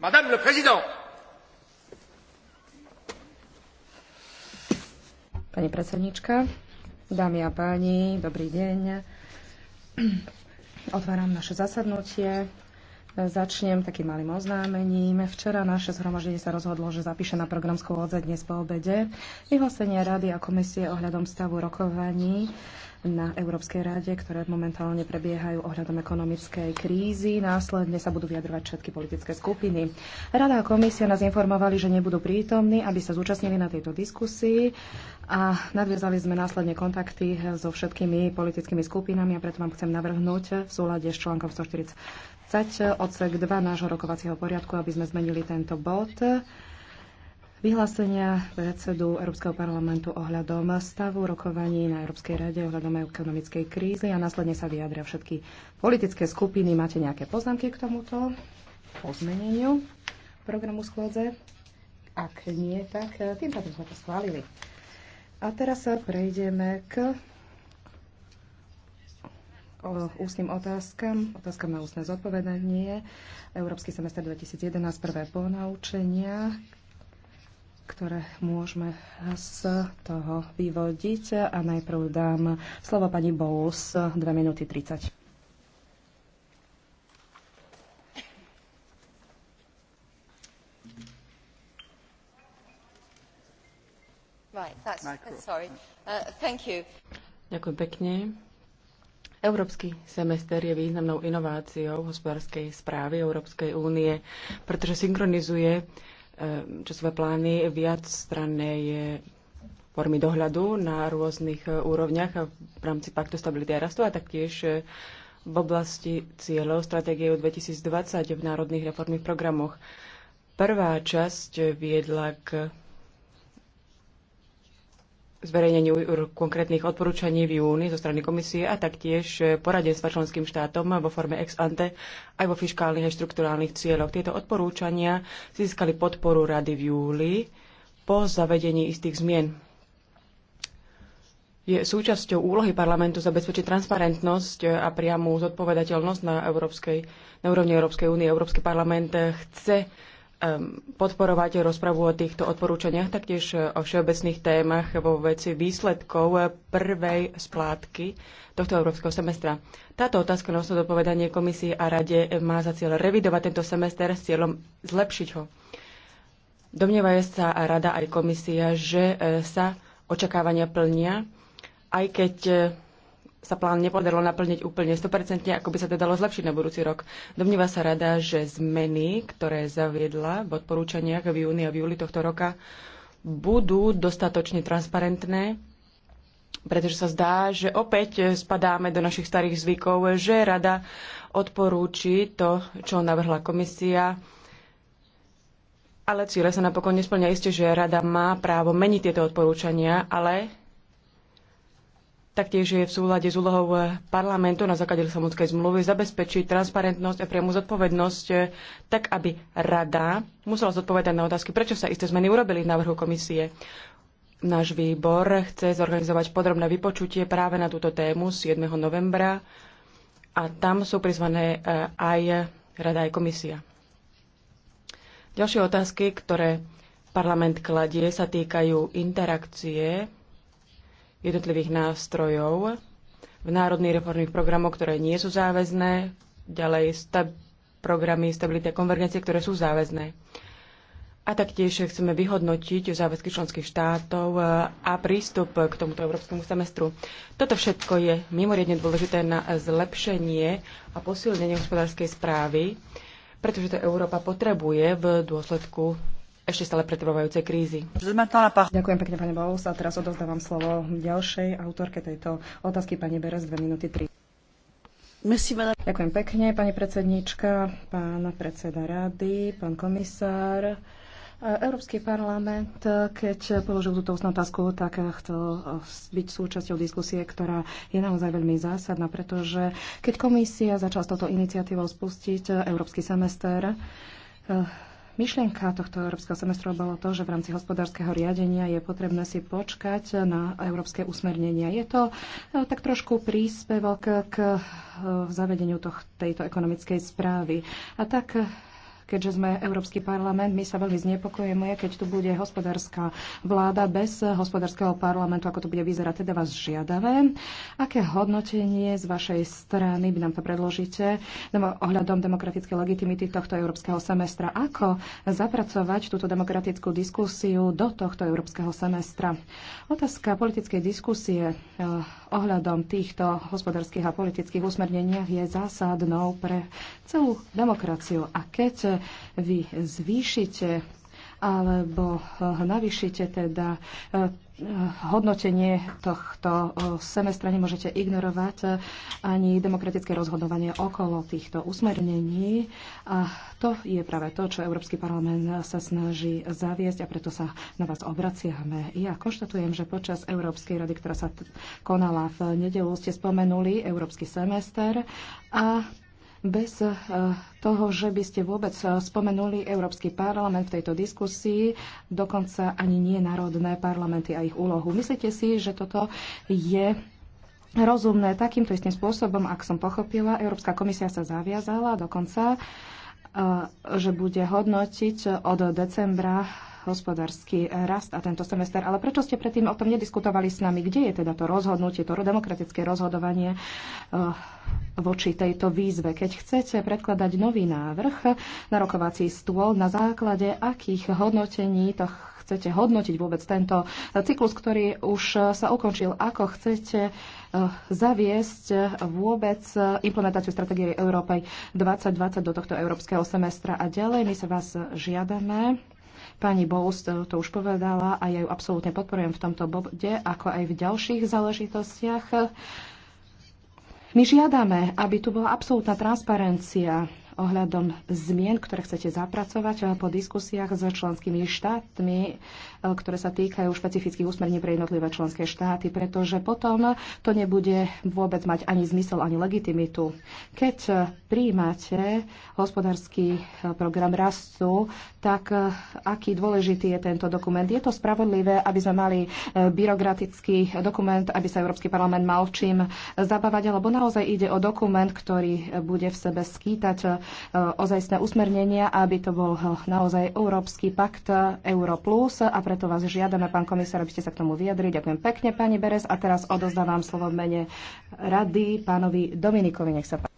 Madame le Président. Pani predsednička, dámy a páni, dobrý deň. Otváram naše zasadnutie. Začnem takým malým oznámením. Včera naše zhromaždenie sa rozhodlo, že zapíše na program schôdze dnes po obede vyhlásenie Rady a komisie ohľadom stavu rokovaní na Európskej rade, ktoré momentálne prebiehajú ohľadom ekonomickej krízy. Následne sa budú vyjadrovať všetky politické skupiny. Rada a komisia nás informovali, že nebudú prítomní, aby sa zúčastnili na tejto diskusii a nadviazali sme následne kontakty so všetkými politickými skupinami a preto vám chcem navrhnúť v súlade s článkom 140, 20 odsek 2 nášho rokovacieho poriadku, aby sme zmenili tento bod vyhlásenia predsedu Európskeho parlamentu ohľadom stavu rokovaní na Európskej rade ohľadom ekonomickej krízy a následne sa vyjadria všetky politické skupiny. Máte nejaké poznámky k tomuto pozmeneniu programu schôdze? Ak nie, tak tým pádom sme to schválili. A teraz sa prejdeme k ústnym otázkam, otázkam na ústne zodpovedanie. Európsky semester 2011, prvé ponaučenia, ktoré môžeme z toho vyvodiť. A najprv dám slovo pani Bowles, 2 minúty 30. Right, that's, that's sorry. Uh, thank you. Ďakujem pekne. Európsky semester je významnou inováciou hospodárskej správy Európskej únie, pretože synchronizuje eh, časové plány viac je formy dohľadu na rôznych eh, úrovniach v rámci Paktu stability a rastu a taktiež eh, v oblasti cieľov stratégie 2020 v národných reformných programoch. Prvá časť viedla k zverejneniu konkrétnych odporúčaní v júni zo strany komisie a taktiež poradenstva členským štátom vo forme ex ante aj vo fiskálnych a štruktúrálnych cieľoch. Tieto odporúčania získali podporu Rady v júli po zavedení istých zmien. Je súčasťou úlohy parlamentu zabezpečiť transparentnosť a priamu zodpovedateľnosť na, európskej, na úrovni Európskej únie. Európsky parlament chce podporovať rozpravu o týchto odporúčaniach, taktiež o všeobecných témach vo veci výsledkov prvej splátky tohto európskeho semestra. Táto otázka na osnovu dopovedanie komisii a rade má za cieľ revidovať tento semester s cieľom zlepšiť ho. Domnievajú sa a rada aj komisia, že e, sa očakávania plnia, aj keď e, sa plán nepodarilo naplniť úplne 100%, ako by sa to dalo zlepšiť na budúci rok. Domníva sa rada, že zmeny, ktoré zaviedla v odporúčaniach v júni a v júli tohto roka, budú dostatočne transparentné, pretože sa zdá, že opäť spadáme do našich starých zvykov, že rada odporúči to, čo navrhla komisia, ale cíle sa napokon nesplňa. Isté, že rada má právo meniť tieto odporúčania, ale Taktiež je v súlade s úlohou eh, parlamentu na základe Lisabonskej zmluvy zabezpečiť transparentnosť a priamu zodpovednosť eh, tak, aby rada musela zodpovedať na otázky, prečo sa isté zmeny urobili v návrhu komisie. Náš výbor chce zorganizovať podrobné vypočutie práve na túto tému 7. novembra a tam sú prizvané eh, aj rada, aj komisia. Ďalšie otázky, ktoré parlament kladie, sa týkajú interakcie jednotlivých nástrojov v národných reformných programoch, ktoré nie sú záväzné, ďalej stab- programy stability a konvergencie, ktoré sú záväzné. A taktiež chceme vyhodnotiť záväzky členských štátov e, a prístup k tomuto európskemu semestru. Toto všetko je mimoriadne dôležité na zlepšenie a posilnenie hospodárskej správy, pretože to Európa potrebuje v dôsledku ešte stále pretrvávajúcej krízy. Ďakujem pekne, pani Bavus. A teraz odozdávam slovo ďalšej autorke tejto otázky, pani Beres, 2 minúty 3. Merci, Ďakujem pekne, pani predsednička, pán predseda rady, pán komisár. Európsky parlament, keď položil túto ústnu otázku, tak chcel byť súčasťou diskusie, ktorá je naozaj veľmi zásadná, pretože keď komisia začala s touto iniciatívou spustiť Európsky semester, Myšlienka tohto európskeho semestru bolo to, že v rámci hospodárskeho riadenia je potrebné si počkať na európske usmernenia. Je to e, tak trošku príspevok k e, zavedeniu toh, tejto ekonomickej správy. A tak e, keďže sme Európsky parlament, my sa veľmi znepokojujeme, keď tu bude hospodárska vláda bez hospodárskeho parlamentu, ako to bude vyzerať. Teda vás žiadavé. aké hodnotenie z vašej strany by nám to predložíte ohľadom demokratickej legitimity tohto európskeho semestra. Ako zapracovať túto demokratickú diskusiu do tohto európskeho semestra? Otázka politickej diskusie eh, ohľadom týchto hospodárskych a politických usmerneniach je zásadnou pre celú demokraciu. A keď vy zvýšite alebo navýšite teda eh, hodnotenie tohto eh, semestra nemôžete ignorovať eh, ani demokratické rozhodovanie okolo týchto usmernení. A to je práve to, čo Európsky parlament sa snaží zaviesť a preto sa na vás obraciame. Ja konštatujem, že počas Európskej rady, ktorá sa konala v nedelu, ste spomenuli Európsky semester a bez eh, toho, že by ste vôbec eh, spomenuli Európsky parlament v tejto diskusii, dokonca ani nie národné parlamenty a ich úlohu. Myslíte si, že toto je rozumné takýmto istým spôsobom, ak som pochopila, Európska komisia sa zaviazala dokonca, eh, že bude hodnotiť od decembra hospodársky rast a tento semester. Ale prečo ste predtým o tom nediskutovali s nami? Kde je teda to rozhodnutie, to demokratické rozhodovanie eh, voči tejto výzve? Keď chcete predkladať nový návrh na rokovací stôl, na základe akých hodnotení to chcete hodnotiť vôbec tento cyklus, ktorý už sa ukončil? Ako chcete eh, zaviesť vôbec implementáciu stratégie Európej 2020 do tohto európskeho semestra? A ďalej my sa vás žiadame Pani Bowles to, to už povedala a ja ju absolútne podporujem v tomto bode, ako aj v ďalších záležitostiach. My žiadame, aby tu bola absolútna transparencia ohľadom zmien, ktoré chcete zapracovať eh, po diskusiách s členskými štátmi, eh, ktoré sa týkajú špecifických úsmerní pre jednotlivé členské štáty, pretože potom to nebude vôbec mať ani zmysel, ani legitimitu. Keď eh, príjmate hospodársky program rastu, tak aký dôležitý je tento dokument? Je to spravodlivé, aby sme mali byrokratický dokument, aby sa Európsky parlament mal čím zabávať, alebo naozaj ide o dokument, ktorý bude v sebe skýtať Eh, ozajstné usmernenia, aby to bol eh, naozaj Európsky pakt eh, Euro plus a preto vás žiadame, pán komisár, aby ste sa k tomu vyjadrili. Ďakujem pekne, pani Beres. A teraz odozdávam slovo v mene rady pánovi Dominikovi. Nech sa páči.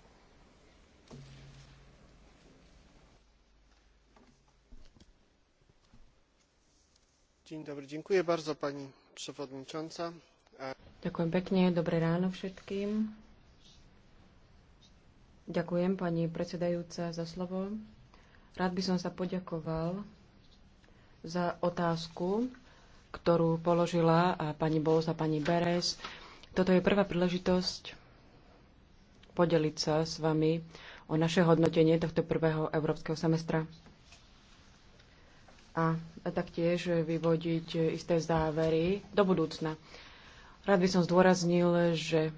Ďakujem pekne, dobré ráno všetkým. Ďakujem pani predsedajúca za slovo. Rád by som sa poďakoval za otázku, ktorú položila a pani Bols a pani Beres. Toto je prvá príležitosť podeliť sa s vami o naše hodnotenie tohto prvého európskeho semestra a taktiež vyvodiť isté závery do budúcna. Rád by som zdôraznil, že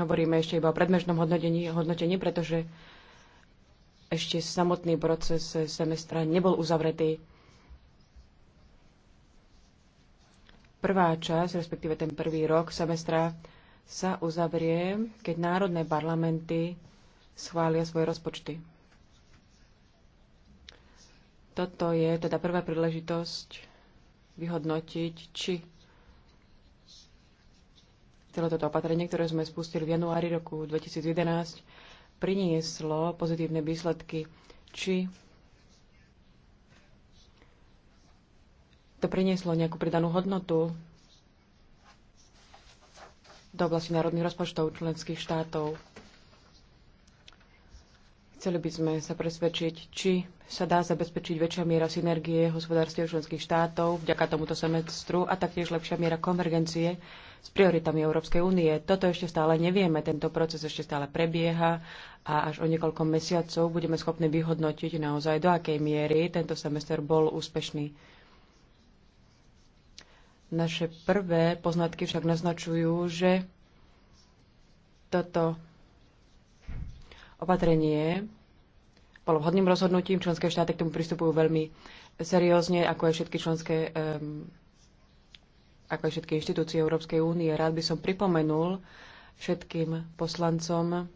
Hovoríme ešte iba o predmežnom hodnotení, hodnotení pretože ešte samotný proces semestra nebol uzavretý. Prvá časť, respektíve ten prvý rok semestra, sa uzavrie, keď národné parlamenty schvália svoje rozpočty. Toto je teda prvá príležitosť vyhodnotiť, či celé toto opatrenie, ktoré sme spustili v januári roku 2011, prinieslo pozitívne výsledky. Či to prinieslo nejakú pridanú hodnotu do oblasti národných rozpočtov členských štátov. Chceli by sme sa presvedčiť, či sa dá zabezpečiť väčšia miera synergie hospodárstiev členských štátov vďaka tomuto semestru a taktiež lepšia miera konvergencie s prioritami Európskej únie. Toto ešte stále nevieme, tento proces ešte stále prebieha a až o niekoľko mesiacov budeme schopní vyhodnotiť naozaj, do akej miery tento semester bol úspešný. Naše prvé poznatky však naznačujú, že toto Opatrenie bolo vhodným rozhodnutím, členské štáty k tomu pristupujú veľmi seriózne, ako aj všetky členské um, ako aj všetky inštitúcie Európskej únie. Rád by som pripomenul všetkým poslancom,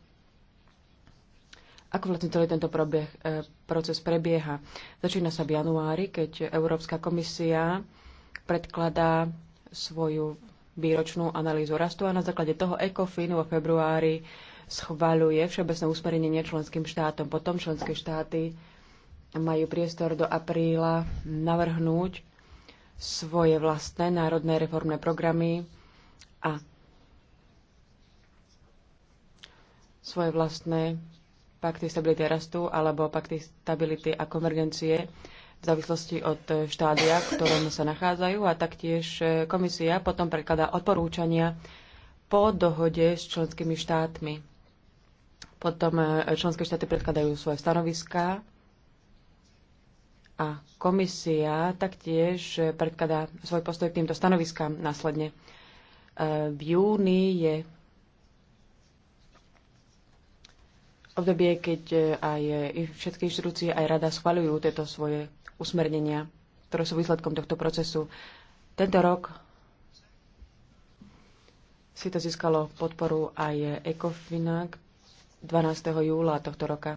ako vlastne celý tento probieh, e, proces prebieha. Začína sa v januári, keď Európska komisia predkladá svoju výročnú analýzu rastu a na základe toho ECOFIN vo februári schvaľuje všeobecné usmerenie členským štátom. Potom členské štáty majú priestor do apríla navrhnúť svoje vlastné národné reformné programy a svoje vlastné pakty stability a rastu alebo pakty stability a konvergencie v závislosti od štádia, v ktorom sa nachádzajú a taktiež e, komisia potom prekladá odporúčania po dohode s členskými štátmi. Potom e, členské štáty predkladajú svoje stanoviská a komisia taktiež e, predkladá svoj postoj k týmto stanoviskám následne. E, v júni je obdobie, keď aj všetky inštitúcie, aj rada schvaľujú tieto svoje usmernenia, ktoré sú výsledkom tohto procesu. Tento rok si to získalo podporu aj ECOFINA, 12. júla tohto roka.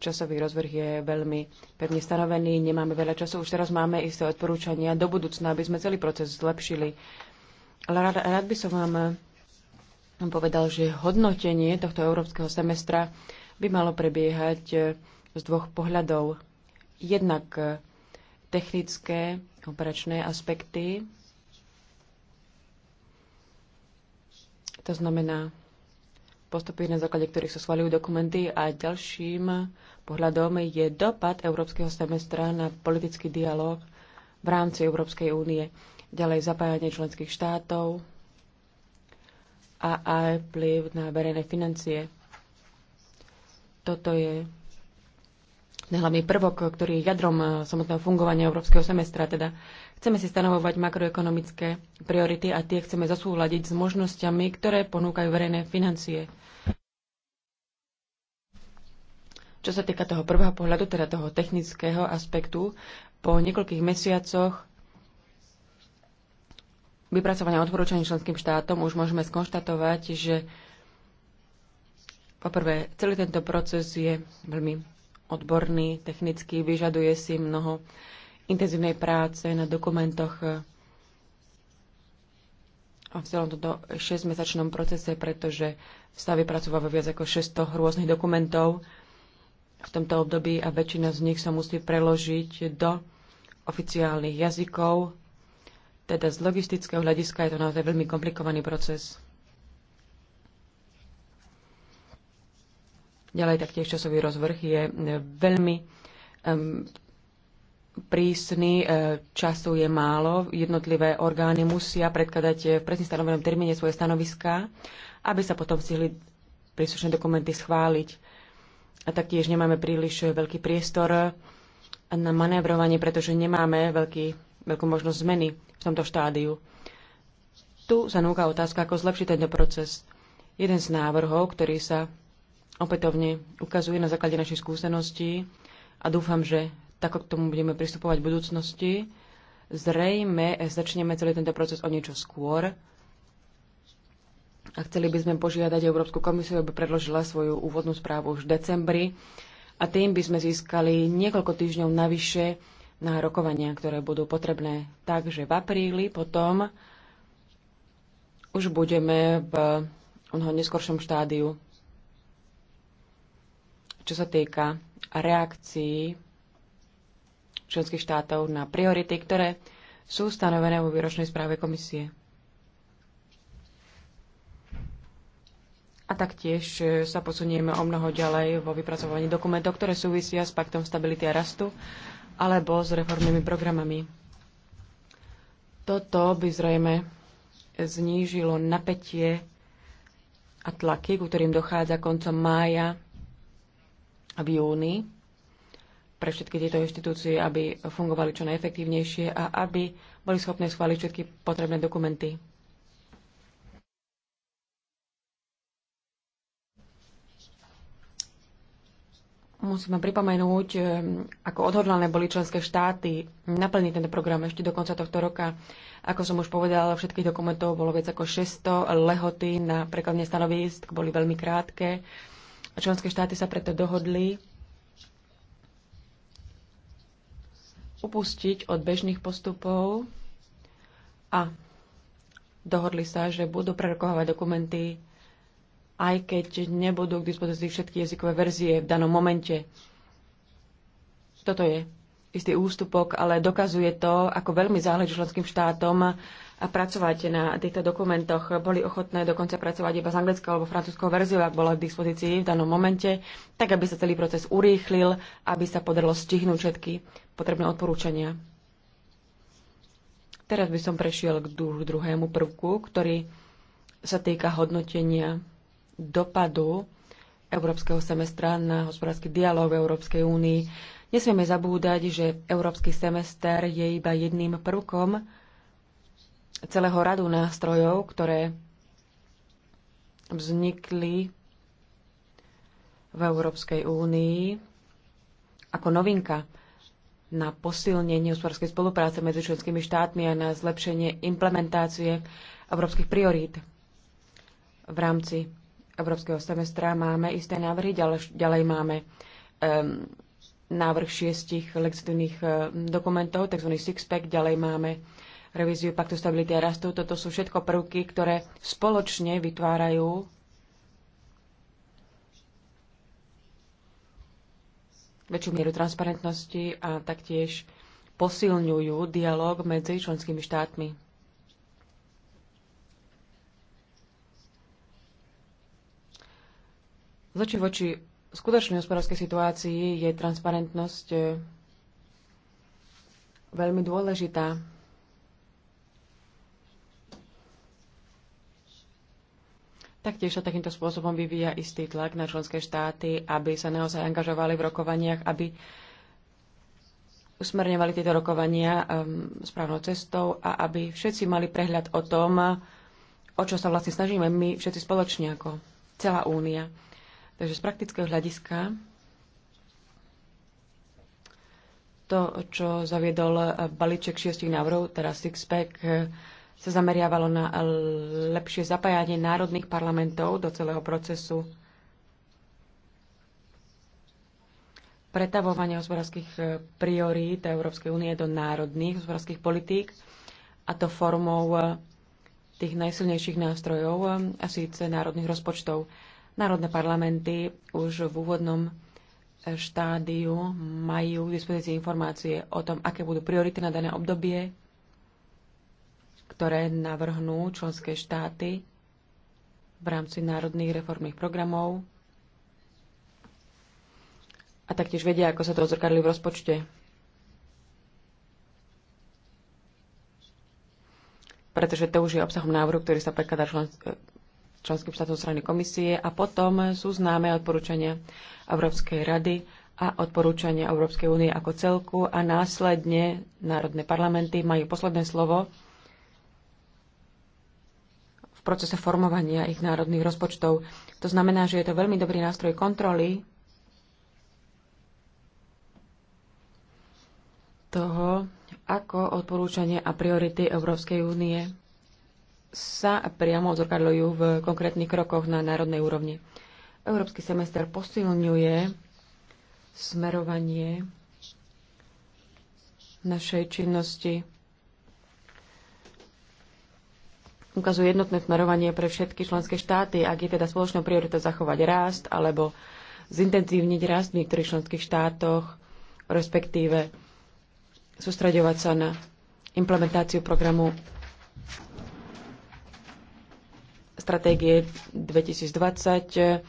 Časový rozvrh je veľmi pevne stanovený, nemáme veľa času, už teraz máme isté odporúčania do budúcna, aby sme celý proces zlepšili. Ale rád, rád by som vám povedal, že hodnotenie tohto európskeho semestra by malo prebiehať e, z dvoch pohľadov. Jednak e, technické, operačné aspekty, to znamená postupy, na základe ktorých sa schvaľujú dokumenty. A ďalším pohľadom je dopad európskeho semestra na politický dialog v rámci Európskej únie. Ďalej zapájanie členských štátov a aj vplyv na verejné financie. Toto je hlavný prvok, ktorý je jadrom e, samotného fungovania európskeho semestra. Teda chceme si stanovovať makroekonomické priority a tie chceme zasúhľadiť s možnosťami, ktoré ponúkajú verejné financie. Čo sa týka toho prvého pohľadu, teda toho technického aspektu, po niekoľkých mesiacoch vypracovania odporúčaní členským štátom už môžeme skonštatovať, že poprvé celý tento proces je veľmi odborný, technický, vyžaduje si mnoho intenzívnej práce na dokumentoch a v celom tomto 6-mesačnom procese, pretože sa vypracováva viac ako 600 rôznych dokumentov v tomto období a väčšina z nich sa musí preložiť do oficiálnych jazykov. Teda z logistického hľadiska je to naozaj veľmi komplikovaný proces. Ďalej taktiež časový rozvrh je e, veľmi um, prísny, e, času je málo, jednotlivé orgány musia predkladať e, v presne stanovenom termíne svoje stanoviská, aby sa potom stihli príslušné dokumenty schváliť. A taktiež nemáme príliš veľký priestor na manévrovanie, pretože nemáme veľký, veľkú možnosť zmeny v tomto štádiu. Tu sa núka otázka, ako zlepšiť tento proces. Jeden z návrhov, ktorý sa opätovne ukazuje na základe našich skúseností a dúfam, že tak k tomu budeme pristupovať v budúcnosti. Zrejme eh, začneme celý tento proces o niečo skôr a chceli by sme požiadať Európsku komisiu, aby predložila svoju úvodnú správu už v decembri a tým by sme získali niekoľko týždňov navyše na rokovania, ktoré budú potrebné. Takže v apríli potom už budeme v onho neskoršom štádiu čo sa týka reakcií členských štátov na priority, ktoré sú stanovené vo výročnej správe komisie. A taktiež e, sa posunieme o mnoho ďalej vo vypracovaní dokumentov, ktoré súvisia s paktom stability a rastu alebo s reformnými programami. Toto by zrejme znížilo napätie a tlaky, ku ktorým dochádza koncom mája v júni pre všetky tieto inštitúcie, aby fungovali čo najefektívnejšie a aby boli schopné schváliť všetky potrebné dokumenty. Musíme pripomenúť, eh, ako odhodlané boli členské štáty naplniť tento program ešte do konca tohto roka. Ako som už povedala, všetkých dokumentov bolo viac ako 600, lehoty na prekladne stanovisk boli veľmi krátke. Členské štáty sa preto dohodli upustiť od bežných postupov a dohodli sa, že budú prerokovávať dokumenty, aj keď nebudú k dispozícii všetky jazykové verzie v danom momente. Toto je istý ústupok, ale dokazuje to, ako veľmi záleží členským štátom a pracovať na týchto dokumentoch. Boli ochotné dokonca pracovať iba z anglickou alebo francúzskou verziou, ak bola k dispozícii v danom momente, tak aby sa celý proces urýchlil, aby sa podarilo stihnúť všetky potrebné odporúčania. Teraz by som prešiel k druhému prvku, ktorý sa týka hodnotenia dopadu Európskeho semestra na hospodársky dialog v Európskej únii. Nesmieme zabúdať, že Európsky semester je iba jedným prvkom celého radu nástrojov, ktoré vznikli v Európskej únii ako novinka na posilnenie hospodárskej spolupráce medzi členskými štátmi a na zlepšenie implementácie európskych priorít. V rámci európskeho semestra máme isté návrhy, ďalej, máme um, návrh šiestich legislatívnych dokumentov, tzv. six-pack, ďalej máme revíziu Paktu stability a rastu. Toto sú všetko prvky, ktoré spoločne vytvárajú väčšiu mieru transparentnosti a taktiež posilňujú dialog medzi členskými štátmi. Zoči voči skutočnej hospodárskej situácii je transparentnosť eh, veľmi dôležitá. Taktiež sa takýmto spôsobom vyvíja istý tlak na členské štáty, aby sa naozaj angažovali v rokovaniach, aby usmerňovali tieto rokovania um, správnou cestou a aby všetci mali prehľad o tom, o čo sa vlastne snažíme my všetci spoločne ako celá únia. Takže z praktického hľadiska to, čo zaviedol balíček šiestich návrhov, teraz six-pack, sa zameriavalo na lepšie zapájanie národných parlamentov do celého procesu pretavovania hospodárskych e, priorít Európskej únie do národných hospodárskych politík, a to formou e, tých najsilnejších nástrojov, e, a síce národných rozpočtov. Národné parlamenty už v úvodnom štádiu majú k dispozícii informácie o tom, aké budú priority na dané obdobie, ktoré navrhnú členské štáty v rámci národných reformných programov a taktiež vedia, ako sa to odzrkadli v rozpočte. Pretože to už je obsahom návrhu, ktorý sa prekladá člen, členským štátom strany komisie a potom sú známe odporúčania Európskej rady a odporúčania Európskej únie ako celku a následne národné parlamenty majú posledné slovo v procese formovania ich národných rozpočtov. To znamená, že je to veľmi dobrý nástroj kontroly toho, ako odporúčania a priority Európskej únie sa priamo zrkadľujú v konkrétnych krokoch na národnej úrovni. Európsky semester posilňuje smerovanie našej činnosti ukazuje jednotné smerovanie pre všetky členské štáty, ak je teda spoločnou prioritou zachovať rast alebo zintenzívniť rast v niektorých členských štátoch, respektíve sústreďovať sa na implementáciu programu stratégie 2020, e,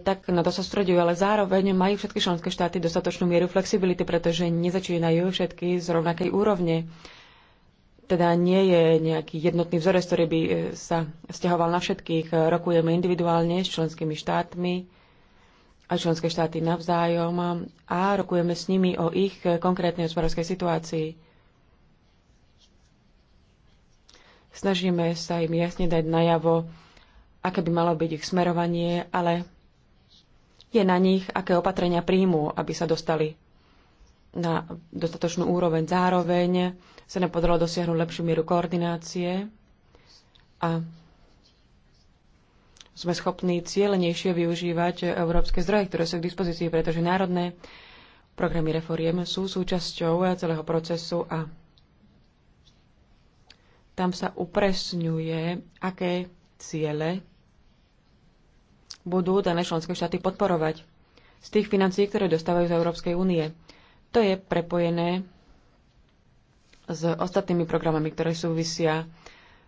tak na to sa sústredujú, ale zároveň majú všetky členské štáty dostatočnú mieru flexibility, pretože nezačínajú všetky z rovnakej úrovne teda nie je nejaký jednotný vzorec, ktorý by e, sa vzťahoval na všetkých. Rokujeme individuálne s členskými štátmi a členské štáty navzájom a rokujeme s nimi o ich konkrétnej hospodárskej situácii. Snažíme sa im jasne dať najavo, aké by malo byť ich smerovanie, ale je na nich, aké opatrenia príjmú, aby sa dostali na dostatočnú úroveň. Zároveň sa nám podarilo dosiahnuť lepšiu mieru koordinácie a sme schopní cieľenejšie využívať európske zdroje, ktoré sú k dispozícii, pretože národné programy reforiem sú súčasťou celého procesu a tam sa upresňuje, aké ciele budú dané členské štáty podporovať z tých financií, ktoré dostávajú z Európskej únie. To je prepojené s ostatnými programami, ktoré súvisia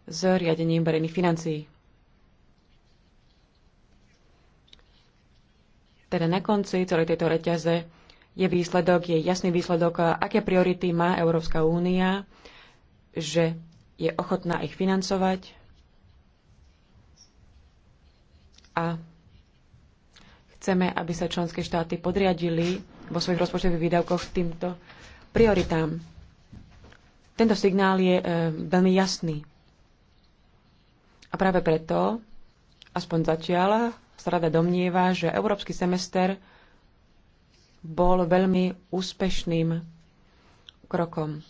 s riadením verejných financií. Teda na konci celej tejto reťaze je výsledok, je jasný výsledok, aké priority má Európska únia, že je ochotná ich financovať a chceme, aby sa členské štáty podriadili vo svojich rozpočtových výdavkoch týmto prioritám tento signál je e, veľmi jasný. A práve preto, aspoň zatiaľ, sa rada domnieva, že európsky semester bol veľmi úspešným krokom.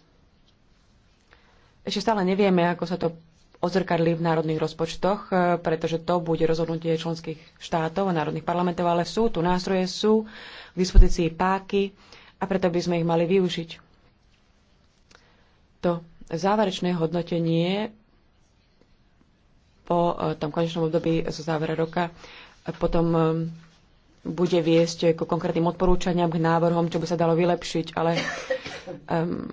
Ešte stále nevieme, ako sa to odzrkadlí v národných rozpočtoch, e, pretože to bude rozhodnutie členských štátov a národných parlamentov, ale sú tu nástroje, sú k dispozícii páky a preto by sme ich mali využiť. To záverečné hodnotenie po e, tom konečnom období zo závera roka potom e, bude viesť k konkrétnym odporúčaniam, k návrhom, čo by sa dalo vylepšiť, ale um,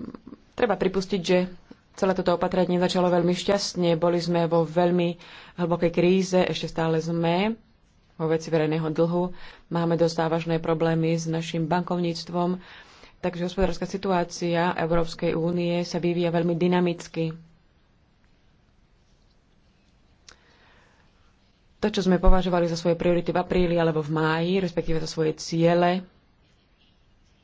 treba pripustiť, že celé toto opatrenie začalo veľmi šťastne. Boli sme vo veľmi hlbokej kríze, ešte stále sme vo veci verejného dlhu. Máme dosť závažné problémy s našim bankovníctvom Takže hospodárska situácia Európskej únie sa vyvíja veľmi dynamicky. To, čo sme považovali za svoje priority v apríli alebo v máji, respektíve za svoje ciele,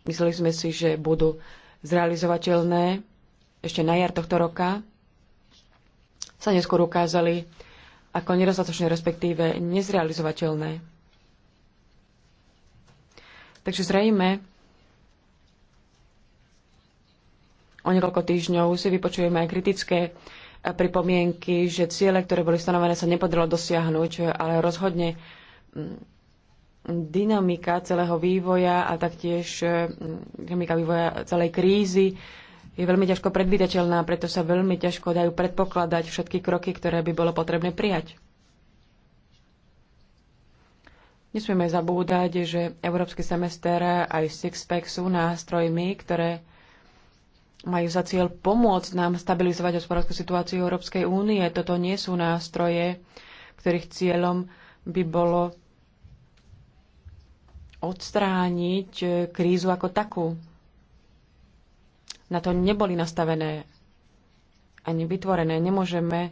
mysleli sme si, že budú zrealizovateľné ešte na jar tohto roka, sa neskôr ukázali ako nedostatočne, respektíve nezrealizovateľné. Takže zrejme O niekoľko týždňov si vypočujeme aj kritické eh, pripomienky, že ciele, ktoré boli stanovené, sa nepodarilo dosiahnuť, ale rozhodne mm, dynamika celého vývoja a taktiež eh, mm, dynamika vývoja celej krízy je veľmi ťažko predvídateľná, preto sa veľmi ťažko dajú predpokladať všetky kroky, ktoré by bolo potrebné prijať. Nesmieme zabúdať, že Európsky semester aj Sixpack sú nástrojmi, ktoré majú za cieľ pomôcť nám stabilizovať hospodárskú situáciu Európskej únie. Toto nie sú nástroje, ktorých cieľom by bolo odstrániť e, krízu ako takú. Na to neboli nastavené ani vytvorené. Nemôžeme e,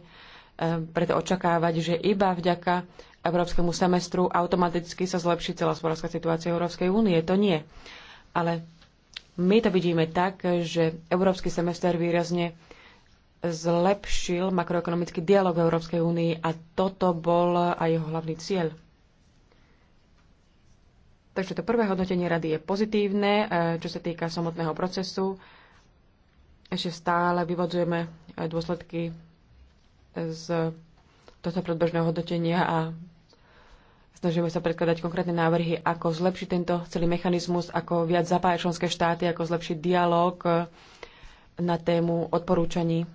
preto očakávať, že iba vďaka európskemu semestru automaticky sa zlepší celá hospodárska situácia Európskej únie. To nie. Ale my to vidíme tak, že Európsky semester výrazne zlepšil makroekonomický dialog v Európskej únii a toto bol aj jeho hlavný cieľ. Takže to prvé hodnotenie rady je pozitívne, e, čo sa týka samotného procesu. Ešte stále vyvodzujeme e, dôsledky z tohto predbežného hodnotenia a Snažíme sa predkladať konkrétne návrhy, ako zlepšiť tento celý mechanizmus, ako viac zapájať členské štáty, ako zlepšiť dialog e, na tému odporúčaní.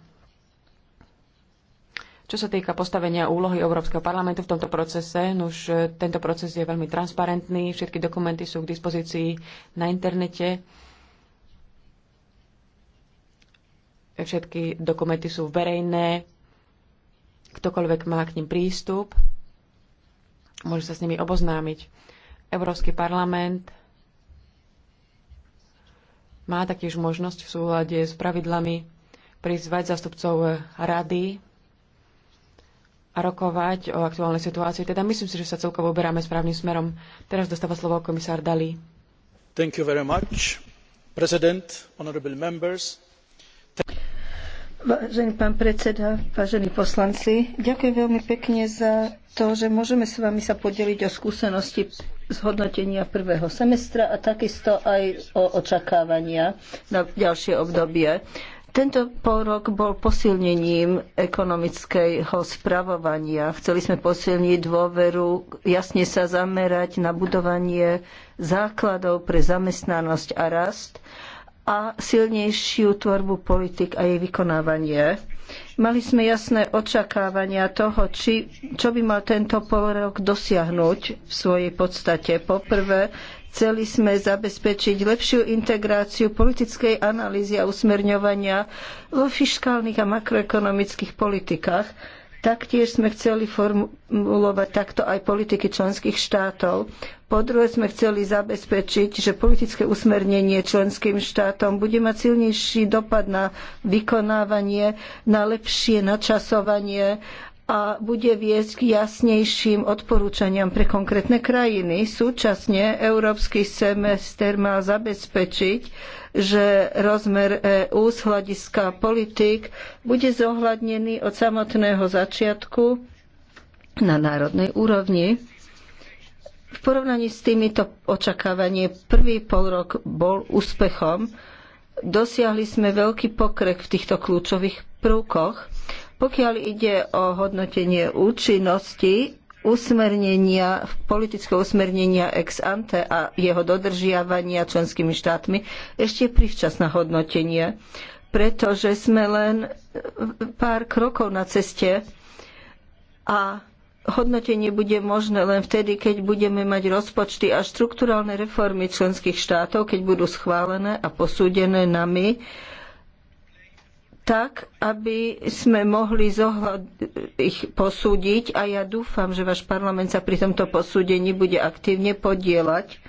Čo sa týka postavenia úlohy Európskeho parlamentu v tomto procese, už e, tento proces je veľmi transparentný, všetky dokumenty sú k dispozícii na internete. Všetky dokumenty sú verejné, ktokoľvek má k ním prístup môže sa s nimi oboznámiť. Európsky parlament má taktiež možnosť v súhľade s pravidlami prizvať zastupcov rady a rokovať o aktuálnej situácii. Teda myslím si, že sa celkovo uberáme správnym smerom. Teraz dostáva slovo komisár Dali. Thank you very much. President, honorable members, Vážený pán predseda, vážení poslanci, ďakujem veľmi pekne za to, že môžeme s vami sa podeliť o skúsenosti zhodnotenia prvého semestra a takisto aj o očakávania na ďalšie obdobie. Tento porok bol posilnením ekonomického spravovania. Chceli sme posilniť dôveru, jasne sa zamerať na budovanie základov pre zamestnanosť a rast a silnejšiu tvorbu politik a jej vykonávanie. Mali sme jasné očakávania toho, či, čo by mal tento rok dosiahnuť v svojej podstate. Poprvé, chceli sme zabezpečiť lepšiu integráciu politickej analýzy a usmerňovania vo fiskálnych a makroekonomických politikách. Taktiež sme chceli formulovať takto aj politiky členských štátov. Po druhé sme chceli zabezpečiť, že politické usmernenie členským štátom bude mať silnejší dopad na vykonávanie, na lepšie načasovanie a bude viesť k jasnejším odporúčaniam pre konkrétne krajiny. Súčasne európsky semester má zabezpečiť, že rozmer EÚ z hľadiska politik bude zohľadnený od samotného začiatku na národnej úrovni v porovnaní s týmito očakávanie prvý pol rok bol úspechom. Dosiahli sme veľký pokrek v týchto kľúčových prúkoch, Pokiaľ ide o hodnotenie účinnosti usmernenia, politického usmernenia ex ante a jeho dodržiavania členskými štátmi ešte prívčas na hodnotenie, pretože sme len pár krokov na ceste a hodnotenie bude možné len vtedy, keď budeme mať rozpočty a štrukturálne reformy členských štátov, keď budú schválené a posúdené nami, tak, aby sme mohli ich posúdiť a ja dúfam, že váš parlament sa pri tomto posúdení bude aktívne podielať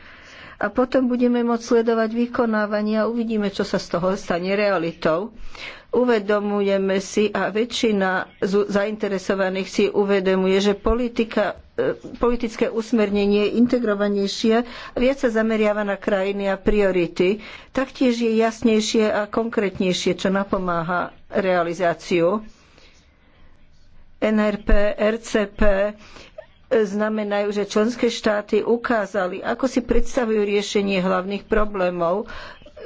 a potom budeme môcť sledovať vykonávanie a uvidíme, čo sa z toho stane realitou. Uvedomujeme si a väčšina zainteresovaných si uvedomuje, že politika, e, politické usmernenie je integrovanejšie a viac sa zameriava na krajiny a priority. Taktiež je jasnejšie a konkrétnejšie, čo napomáha realizáciu. NRP, RCP znamenajú, že členské štáty ukázali, ako si predstavujú riešenie hlavných problémov.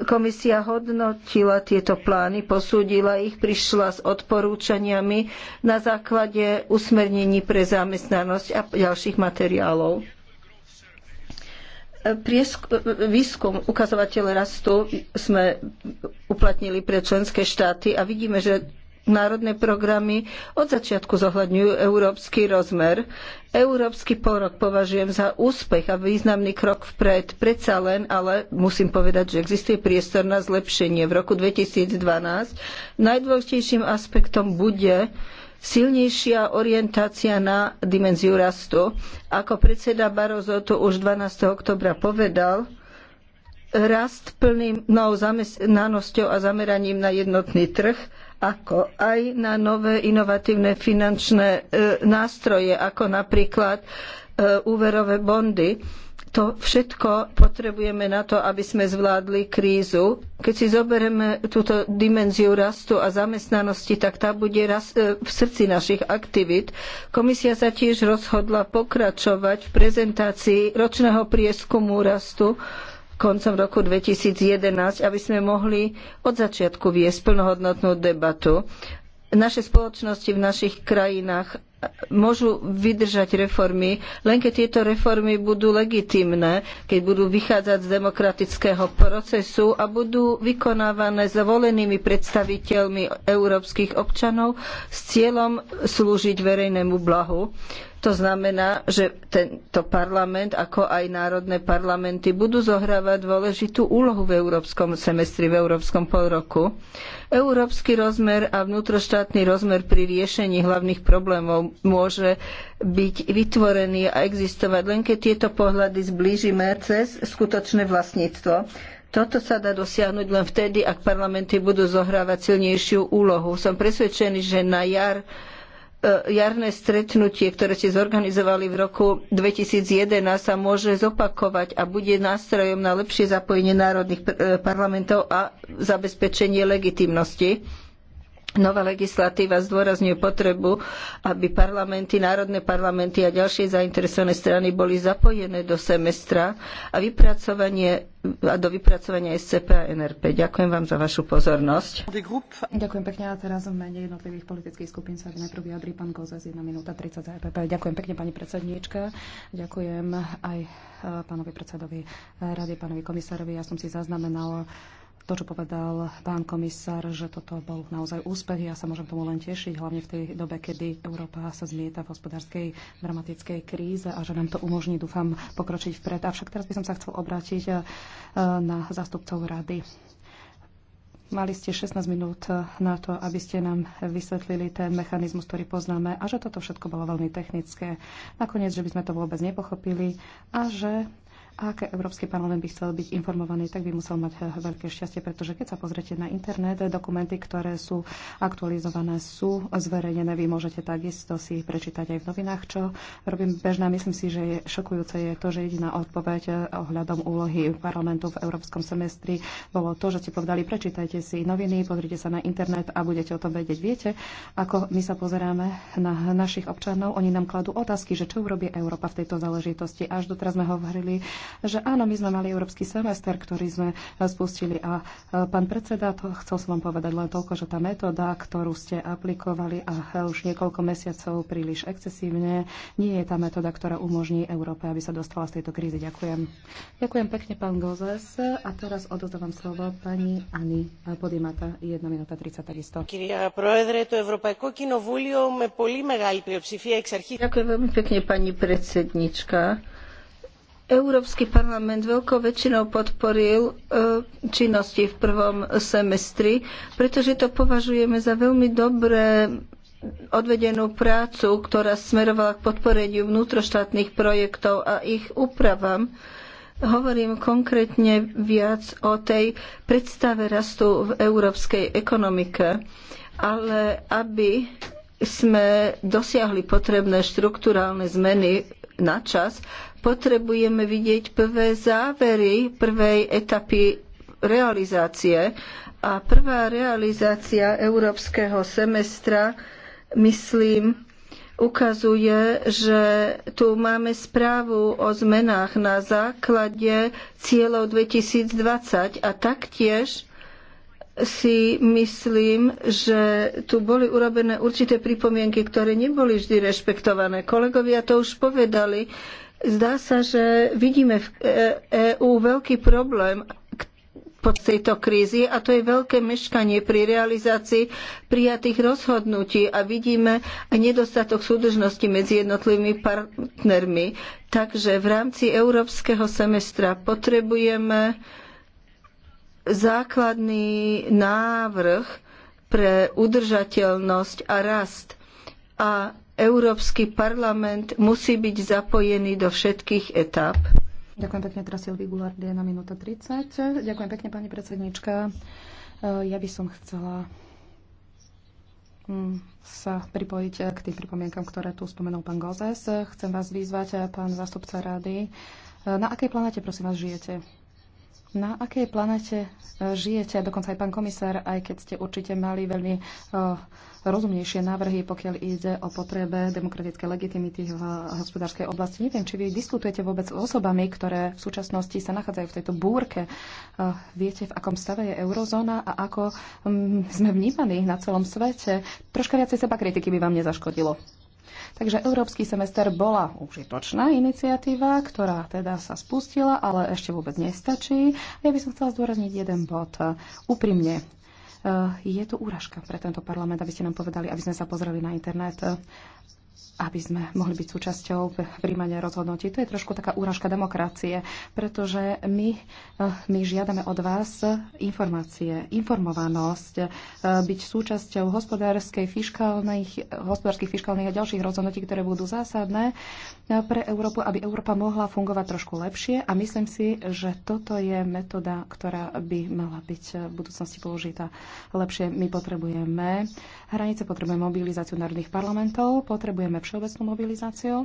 Komisia hodnotila tieto plány, posúdila ich, prišla s odporúčaniami na základe usmernení pre zamestnanosť a ďalších materiálov. výskum ukazovateľ rastu sme uplatnili pre členské štáty a vidíme, že národné programy od začiatku zohľadňujú európsky rozmer. Európsky porok považujem za úspech a významný krok vpred. Predsa len, ale musím povedať, že existuje priestor na zlepšenie. V roku 2012 najdôležitejším aspektom bude silnejšia orientácia na dimenziu rastu. Ako predseda Barozo to už 12. oktobra povedal, rast plným novou zamestnanosťou a zameraním na jednotný trh ako aj na nové inovatívne finančné e, nástroje, ako napríklad e, úverové bondy. To všetko potrebujeme na to, aby sme zvládli krízu. Keď si zoberieme túto dimenziu rastu a zamestnanosti, tak tá bude e, v srdci našich aktivít. Komisia sa tiež rozhodla pokračovať v prezentácii ročného prieskumu rastu koncom roku 2011, aby sme mohli od začiatku viesť plnohodnotnú debatu. Naše spoločnosti v našich krajinách môžu vydržať reformy, len keď tieto reformy budú legitimné, keď budú vychádzať z demokratického procesu a budú vykonávané zvolenými predstaviteľmi európskych občanov s cieľom slúžiť verejnému blahu. To znamená, že tento parlament, ako aj národné parlamenty, budú zohrávať dôležitú úlohu v európskom semestri, v európskom polroku. Európsky rozmer a vnútroštátny rozmer pri riešení hlavných problémov môže byť vytvorený a existovať, len keď tieto pohľady zblížime cez skutočné vlastníctvo. Toto sa dá dosiahnuť len vtedy, ak parlamenty budú zohrávať silnejšiu úlohu. Som presvedčený, že na jar e, jarné stretnutie, ktoré ste zorganizovali v roku 2011, sa môže zopakovať a bude nástrojom na lepšie zapojenie národných e, parlamentov a zabezpečenie legitimnosti. Nová legislatíva zdôrazňuje potrebu, aby parlamenty, národné parlamenty a ďalšie zainteresované strany boli zapojené do semestra a, vypracovanie, a do vypracovania SCP a NRP. Ďakujem vám za vašu pozornosť. Ďakujem pekne a teraz v mene jednotlivých politických skupín sa najprv vyjadrí pán Gozes 1 minúta 30 za EPP. Ďakujem pekne pani predsedníčka. Ďakujem aj e, pánovi predsedovi rady, pánovi komisárovi. Ja som si zaznamenala to, čo povedal pán komisár, že toto bol naozaj úspech. Ja sa môžem tomu len tešiť, hlavne v tej dobe, kedy Európa sa zmieta v hospodárskej dramatickej kríze a že nám to umožní, dúfam, pokročiť vpred. Avšak teraz by som sa chcel obrátiť e, na zástupcov rady. Mali ste 16 minút e, na to, aby ste nám vysvetlili ten mechanizmus, ktorý poznáme a že toto všetko bolo veľmi technické. Nakoniec, že by sme to vôbec nepochopili a že a Ak Európsky parlament by chcel byť informovaný, tak by musel mať eh, veľké šťastie, pretože keď sa pozriete na internet, eh, dokumenty, ktoré sú aktualizované, sú zverejnené. Vy môžete takisto si ich prečítať aj v novinách, čo robím bežná. Myslím si, že je šokujúce je to, že jediná odpoveď eh, ohľadom úlohy parlamentu v Európskom semestri bolo to, že ste povedali, prečítajte si noviny, pozrite sa na internet a budete o tom vedieť. Viete, ako my sa pozeráme na našich občanov, oni nám kladú otázky, že čo urobí Európa v tejto záležitosti. Až doteraz sme hovorili, že áno, my sme mali európsky semester, ktorý sme spustili a e, pán predseda, to chcel som vám povedať len toľko, že tá metóda, ktorú ste aplikovali a e, už niekoľko mesiacov príliš excesívne, nie je tá metóda, ktorá umožní Európe, aby sa dostala z tejto krízy. Ďakujem. Ďakujem pekne, pán Gozes. A teraz odozdávam slovo pani Ani Podimata. 1 minúta 30 takisto. Ďakujem veľmi pekne, pani predsednička. Európsky parlament veľkou väčšinou podporil e, činnosti v prvom semestri, pretože to považujeme za veľmi dobré odvedenú prácu, ktorá smerovala k podporeniu vnútroštátnych projektov a ich úpravám. Hovorím konkrétne viac o tej predstave rastu v európskej ekonomike. Ale aby sme dosiahli potrebné štruktúrálne zmeny na čas, potrebujeme vidieť prvé závery prvej etapy realizácie. A prvá realizácia európskeho semestra, myslím, ukazuje, že tu máme správu o zmenách na základe cieľov 2020 a taktiež si myslím, že tu boli urobené určité pripomienky, ktoré neboli vždy rešpektované. Kolegovia to už povedali, Zdá sa, že vidíme v EÚ e veľký problém pod tejto krízy a to je veľké meškanie pri realizácii prijatých rozhodnutí a vidíme aj nedostatok súdržnosti medzi jednotlivými partnermi. Takže v rámci európskeho semestra potrebujeme základný návrh pre udržateľnosť a rast. A Európsky parlament musí byť zapojený do všetkých etáp. Ďakujem pekne, teraz Silvi Gulard je na minúta 30. Ďakujem pekne, pani predsednička. Ja by som chcela mm, sa pripojiť k tým pripomienkam, ktoré tu spomenul pán Gozes. Chcem vás vyzvať, pán zástupca rady, na akej planete, prosím vás, žijete? Na akej planete e, žijete, dokonca aj pán komisár, aj keď ste určite mali veľmi e, rozumnejšie návrhy, pokiaľ ide o potrebe demokratické legitimity v hospodárskej oblasti. Neviem, či vy diskutujete vôbec s osobami, ktoré v súčasnosti sa nachádzajú v tejto búrke. E, viete, v akom stave je eurozóna a ako mm, sme vnímaní na celom svete. Troška viacej seba kritiky by vám nezaškodilo. Takže Európsky semester bola užitočná iniciatíva, ktorá teda sa spustila, ale ešte vôbec nestačí. Ja by som chcela zdôrazniť jeden bod. Úprimne, e, je to úražka pre tento parlament, aby ste nám povedali, aby sme sa pozreli na internet aby sme mohli byť súčasťou príjmania rozhodnutí. To je trošku taká úražka demokracie, pretože my, eh, my žiadame od vás informácie, informovanosť, eh, byť súčasťou hospodárskej, fiskálnych, hospodárskych, fiskálnych a ďalších rozhodnutí, ktoré budú zásadné eh, pre Európu, aby Európa mohla fungovať trošku lepšie a myslím si, že toto je metóda, ktorá by mala byť v budúcnosti použitá lepšie. My potrebujeme hranice, potrebujeme mobilizáciu národných parlamentov, potrebujeme podporujeme všeobecnú mobilizáciu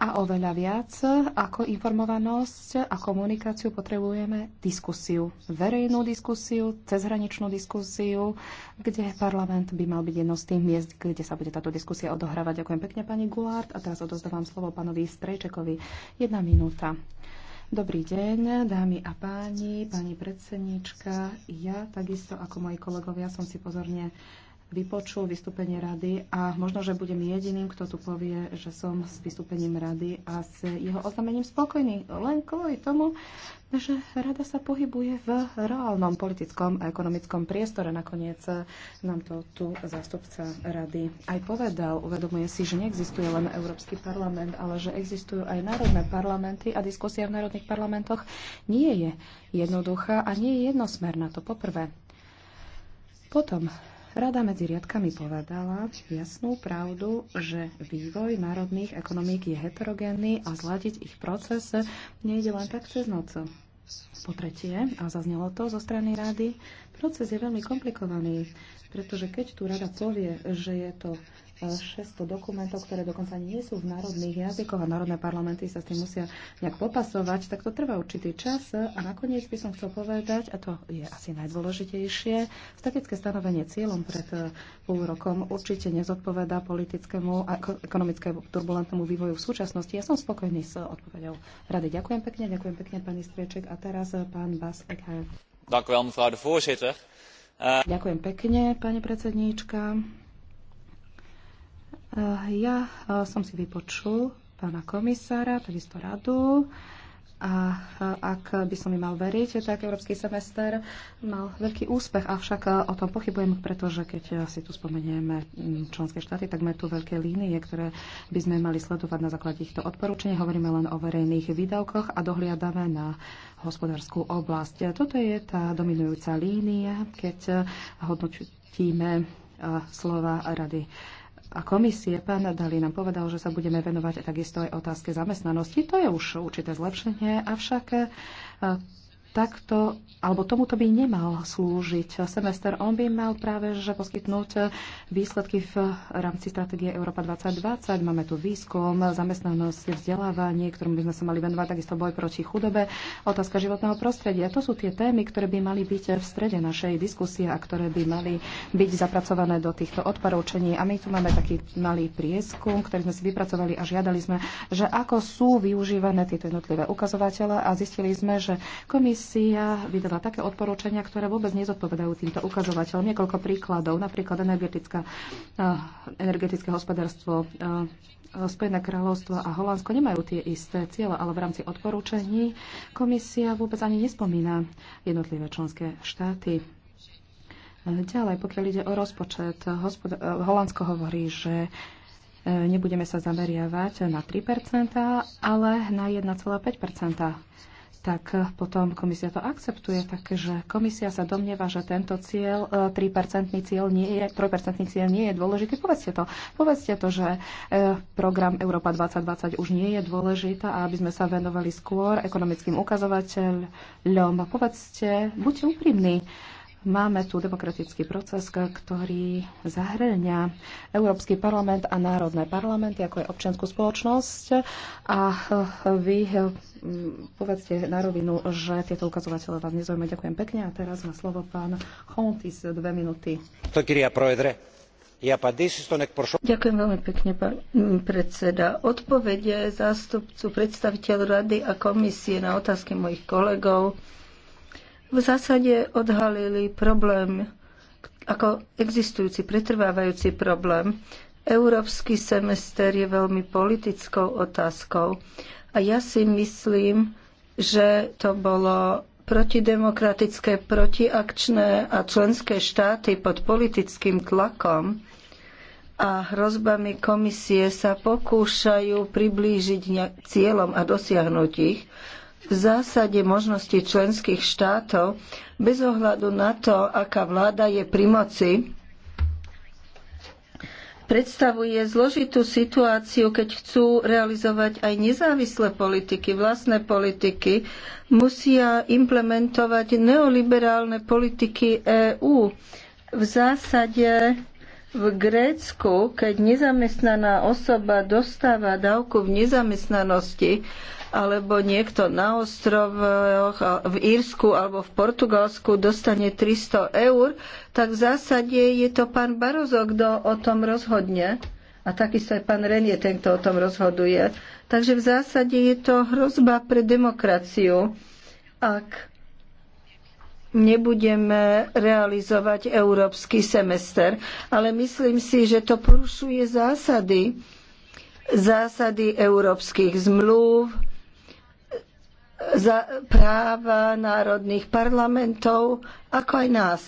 a oveľa viac ako informovanosť a komunikáciu potrebujeme diskusiu. Verejnú diskusiu, cezhraničnú diskusiu, kde parlament by mal byť jedno z tých miest, kde sa bude táto diskusia odohrávať. Ďakujem pekne, pani Gulard. A teraz odozdávam slovo pánovi Strejčekovi. Jedna minúta. Dobrý deň, dámy a páni, pani predsednička. Ja takisto ako moji kolegovia som si pozorne vypočul vystúpenie rady a možno, že budem jediným, kto tu povie, že som s vystúpením rady a s jeho oznamením spokojný. Len kvôli tomu, že rada sa pohybuje v reálnom politickom a ekonomickom priestore. Nakoniec nám to tu zástupca rady aj povedal. Uvedomuje si, že neexistuje len Európsky parlament, ale že existujú aj národné parlamenty a diskusia v národných parlamentoch nie je jednoduchá a nie je jednosmerná. To poprvé. Potom Rada medzi riadkami povedala jasnú pravdu, že vývoj národných ekonomík je heterogénny a zladiť ich proces nejde len tak cez noc. Po tretie, a zaznelo to zo strany rady, proces je veľmi komplikovaný, pretože keď tu rada povie, že je to 600 dokumentov, ktoré dokonca nie sú v národných jazykoch a národné parlamenty sa s tým musia nejak popasovať, tak to trvá určitý čas. A nakoniec by som chcel povedať, a to je asi najdôležitejšie, statické stanovenie cieľom pred e, pol rokom určite nezodpovedá politickému a ekonomickému turbulentnému vývoju v súčasnosti. Ja som spokojný s odpovedou rady. Ďakujem pekne, ďakujem pekne pani Strieček a teraz e, pán Bas Eckheim. Ďakujem, pekne, pani predsedníčka. Eh, ja eh, som si vypočul pána komisára, takisto radu. A eh, ak by som im mal veriť, tak Európsky semester mal veľký úspech, avšak o tom pochybujem, pretože keď si tu spomenieme mm, členské štáty, tak máme tu veľké línie, ktoré by sme mali sledovať na základe týchto odporúčení. Hovoríme len o verejných výdavkoch a dohliadame na hospodárskú oblasť. Toto je tá dominujúca línia, keď hodnotíme slova rady a komisie pán Dali nám povedal, že sa budeme venovať takisto aj otázke zamestnanosti. To je už určité zlepšenie, avšak takto, alebo tomuto by nemal slúžiť semester. On by mal práve že poskytnúť výsledky v rámci stratégie Európa 2020. Máme tu výskum, zamestnanosť, vzdelávanie, ktorým by sme sa mali venovať, takisto boj proti chudobe, otázka životného prostredia. To sú tie témy, ktoré by mali byť v strede našej diskusie a ktoré by mali byť zapracované do týchto odporúčení. A my tu máme taký malý prieskum, ktorý sme si vypracovali a žiadali sme, že ako sú využívané tieto jednotlivé ukazovatele a zistili sme, že komis komisia vydala také odporúčania, ktoré vôbec nezodpovedajú týmto ukazovateľom. Niekoľko príkladov, napríklad energetická, eh, energetické hospodárstvo, eh, Spojené kráľovstvo a Holandsko nemajú tie isté ciele, ale v rámci odporúčaní komisia vôbec ani nespomína jednotlivé členské štáty. Eh, ďalej, pokiaľ ide o rozpočet, Holandsko hovorí, že nebudeme sa zameriavať na 3%, ale na 1,5% tak potom komisia to akceptuje. Takže komisia sa domnieva, že tento cieľ, 3-percentný e, cieľ nie je, 3 cieľ nie je dôležitý. Povedzte to. Povedzte to, že e, program Európa 2020 už nie je dôležitá a aby sme sa venovali skôr ekonomickým ukazovateľom. Povedzte, buďte úprimní Máme tu demokratický proces, ktorý zahrňa Európsky parlament a národné parlamenty, ako je občianskú spoločnosť. A eh, vy eh, mm, povedzte na rovinu, že tieto ukazovatele vás nezaujímajú. Ďakujem pekne. A teraz má slovo pán Hontis, dve minúty. Ďakujem veľmi pekne, pán predseda. Odpovede zástupcu predstaviteľ rady a komisie na otázky mojich kolegov v zásade odhalili problém ako existujúci, pretrvávajúci problém. Európsky semester je veľmi politickou otázkou a ja si myslím, že to bolo protidemokratické, protiakčné a členské štáty pod politickým tlakom a hrozbami komisie sa pokúšajú priblížiť cieľom a dosiahnuť ich v zásade možnosti členských štátov bez ohľadu na to, aká vláda je pri moci, predstavuje zložitú situáciu, keď chcú realizovať aj nezávislé politiky, vlastné politiky, musia implementovať neoliberálne politiky EÚ. V zásade v Grécku, keď nezamestnaná osoba dostáva dávku v nezamestnanosti, alebo niekto na ostrovoch v Írsku alebo v Portugalsku dostane 300 eur, tak v zásade je to pán Barozo, kto o tom rozhodne. A takisto aj pán Renie, ten, kto o tom rozhoduje. Takže v zásade je to hrozba pre demokraciu, ak nebudeme realizovať európsky semester. Ale myslím si, že to porušuje zásady. Zásady európskych zmluv, za práva národných parlamentov, ako aj nás.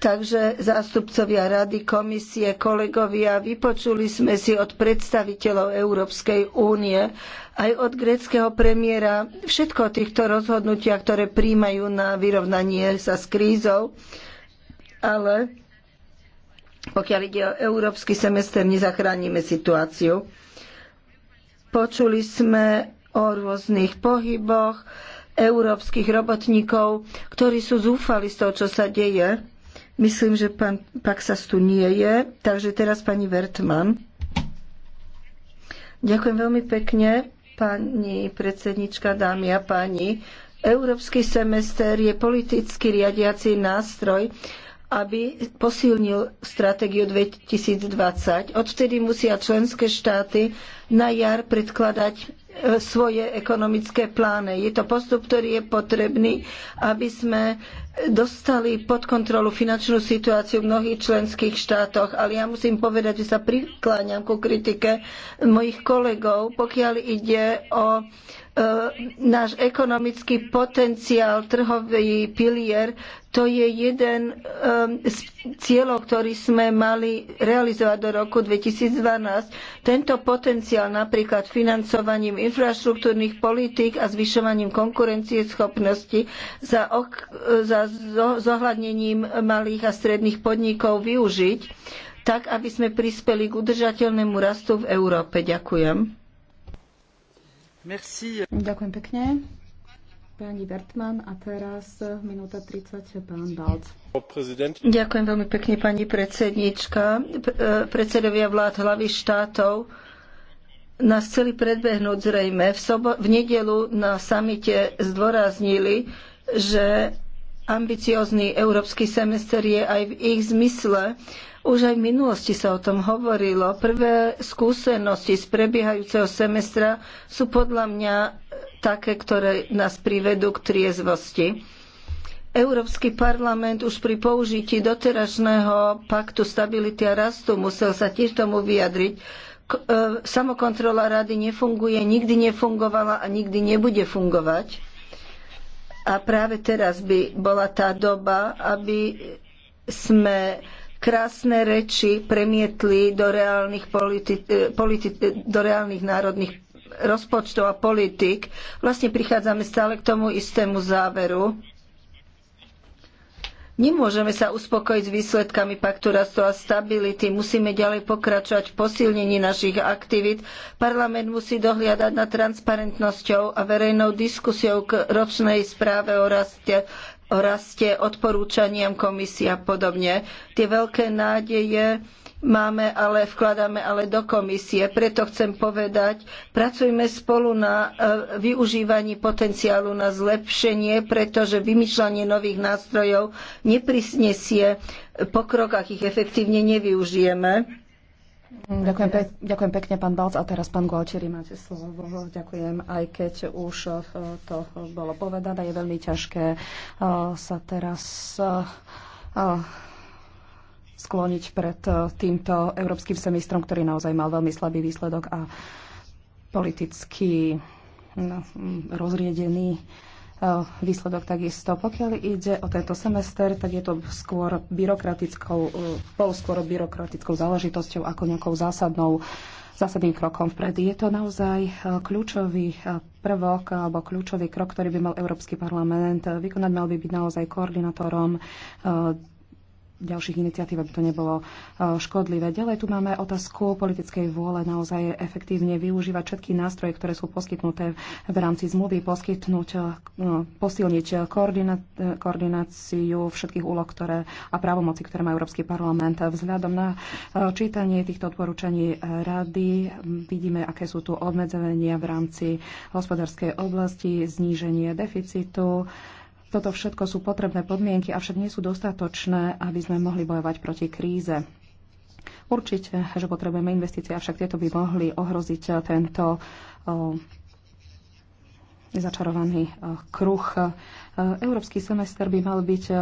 Takže zástupcovia Rady, komisie, kolegovia, vypočuli sme si od predstaviteľov Európskej únie, aj od gréckeho premiéra, všetko o týchto rozhodnutiach, ktoré príjmajú na vyrovnanie sa s krízou. Ale pokiaľ ide o európsky semester, nezachránime situáciu. Počuli sme o rôznych pohyboch európskych robotníkov, ktorí sú zúfali z toho, čo sa deje. Myslím, že pán Paksas tu nie je, takže teraz pani Vertman. Ďakujem veľmi pekne, pani predsednička, dámy a páni. Európsky semester je politicky riadiaci nástroj, aby posilnil stratégiu 2020. Odvtedy musia členské štáty na jar predkladať svoje ekonomické plány. Je to postup, ktorý je potrebný, aby sme dostali pod kontrolu finančnú situáciu v mnohých členských štátoch, ale ja musím povedať, že sa prikláňam ku kritike mojich kolegov, pokiaľ ide o E, náš ekonomický potenciál, trhový pilier, to je jeden e, z cieľov, ktorý sme mali realizovať do roku 2012. Tento potenciál napríklad financovaním infraštruktúrnych politík a zvyšovaním konkurencieschopnosti za, ok, za zohľadnením malých a stredných podnikov využiť tak, aby sme prispeli k udržateľnému rastu v Európe. Ďakujem. Merci. Ďakujem pekne. Pani Bertman a teraz minúta 30 pán Balc. Ďakujem veľmi pekne pani predsednička. E, predsedovia vlád hlavy štátov nás chceli predbehnúť zrejme. V, sobo- v nedelu na samite zdôraznili, že Ambiciózny európsky semester je aj v ich zmysle. Už aj v minulosti sa o tom hovorilo. Prvé skúsenosti z prebiehajúceho semestra sú podľa mňa také, ktoré nás privedú k triezvosti. Európsky parlament už pri použití doterajšného paktu stability a rastu musel sa tiež tomu vyjadriť. E, samokontrola rady nefunguje, nikdy nefungovala a nikdy nebude fungovať. A práve teraz by bola tá doba, aby sme krásne reči premietli do reálnych, politi- e, politi- e, do reálnych národných rozpočtov a politik. Vlastne prichádzame stále k tomu istému záveru. Nemôžeme sa uspokojiť s výsledkami paktu rastu a stability. Musíme ďalej pokračovať v posilnení našich aktivít. Parlament musí dohliadať nad transparentnosťou a verejnou diskusiou k ročnej správe o raste o raste, odporúčaniam komisia a podobne. Tie veľké nádeje máme ale, vkladáme ale do komisie. Preto chcem povedať, pracujme spolu na e, využívaní potenciálu na zlepšenie, pretože vymýšľanie nových nástrojov neprisnesie pokrok, ak ich efektívne nevyužijeme. Ďakujem, pek, ďakujem pekne, pán Balc. A teraz, pán Gualtieri, máte slovo. Ďakujem, aj keď už e, to bolo povedané, je veľmi ťažké e, sa teraz skloniť pred eh, týmto európskym semestrom, ktorý naozaj mal veľmi slabý výsledok a politicky no, mm, rozriedený eh, výsledok takisto. Pokiaľ ide o tento semester, tak je to skôr byrokratickou, eh, skôr byrokratickou záležitosťou ako nejakou zásadnou zásadným krokom vpred. Je to naozaj kľúčový prvok alebo kľúčový krok, ktorý by mal Európsky parlament vykonať. Mal by byť naozaj koordinátorom ďalších iniciatív, aby to nebolo e, škodlivé. Ďalej tu máme otázku politickej vôle naozaj efektívne využívať všetky nástroje, ktoré sú poskytnuté v rámci zmluvy, poskytnúť, e, posilniť koordináciu všetkých úloh ktoré, a právomoci, ktoré má Európsky parlament. Vzhľadom na e, čítanie týchto odporúčaní rady vidíme, aké sú tu obmedzenia v rámci hospodárskej oblasti, zníženie deficitu, toto všetko sú potrebné podmienky, avšak nie sú dostatočné, aby sme mohli bojovať proti kríze. Určite, že potrebujeme investície, avšak tieto by mohli ohroziť tento začarovaný kruh. E, európsky semester by mal byť e,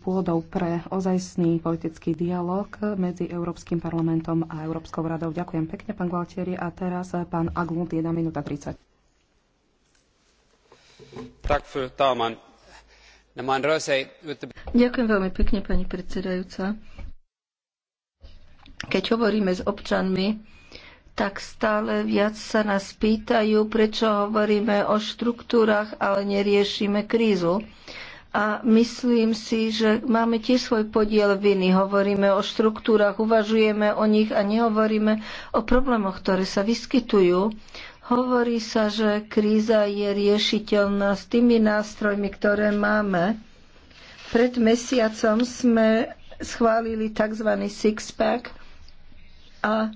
pôdou pre ozajstný politický dialog medzi Európskym parlamentom a Európskou radou. Ďakujem pekne, pán Gualtieri. A teraz e, pán Agmund, 1 minúta 30. Tak, Táman. Ďakujem veľmi pekne, pani predsedajúca. Keď hovoríme s občanmi, tak stále viac sa nás pýtajú, prečo hovoríme o štruktúrach, ale neriešime krízu. A myslím si, že máme tiež svoj podiel viny. Hovoríme o štruktúrach, uvažujeme o nich a nehovoríme o problémoch, ktoré sa vyskytujú. Hovorí sa, že kríza je riešiteľná s tými nástrojmi, ktoré máme. Pred mesiacom sme schválili tzv. six-pack a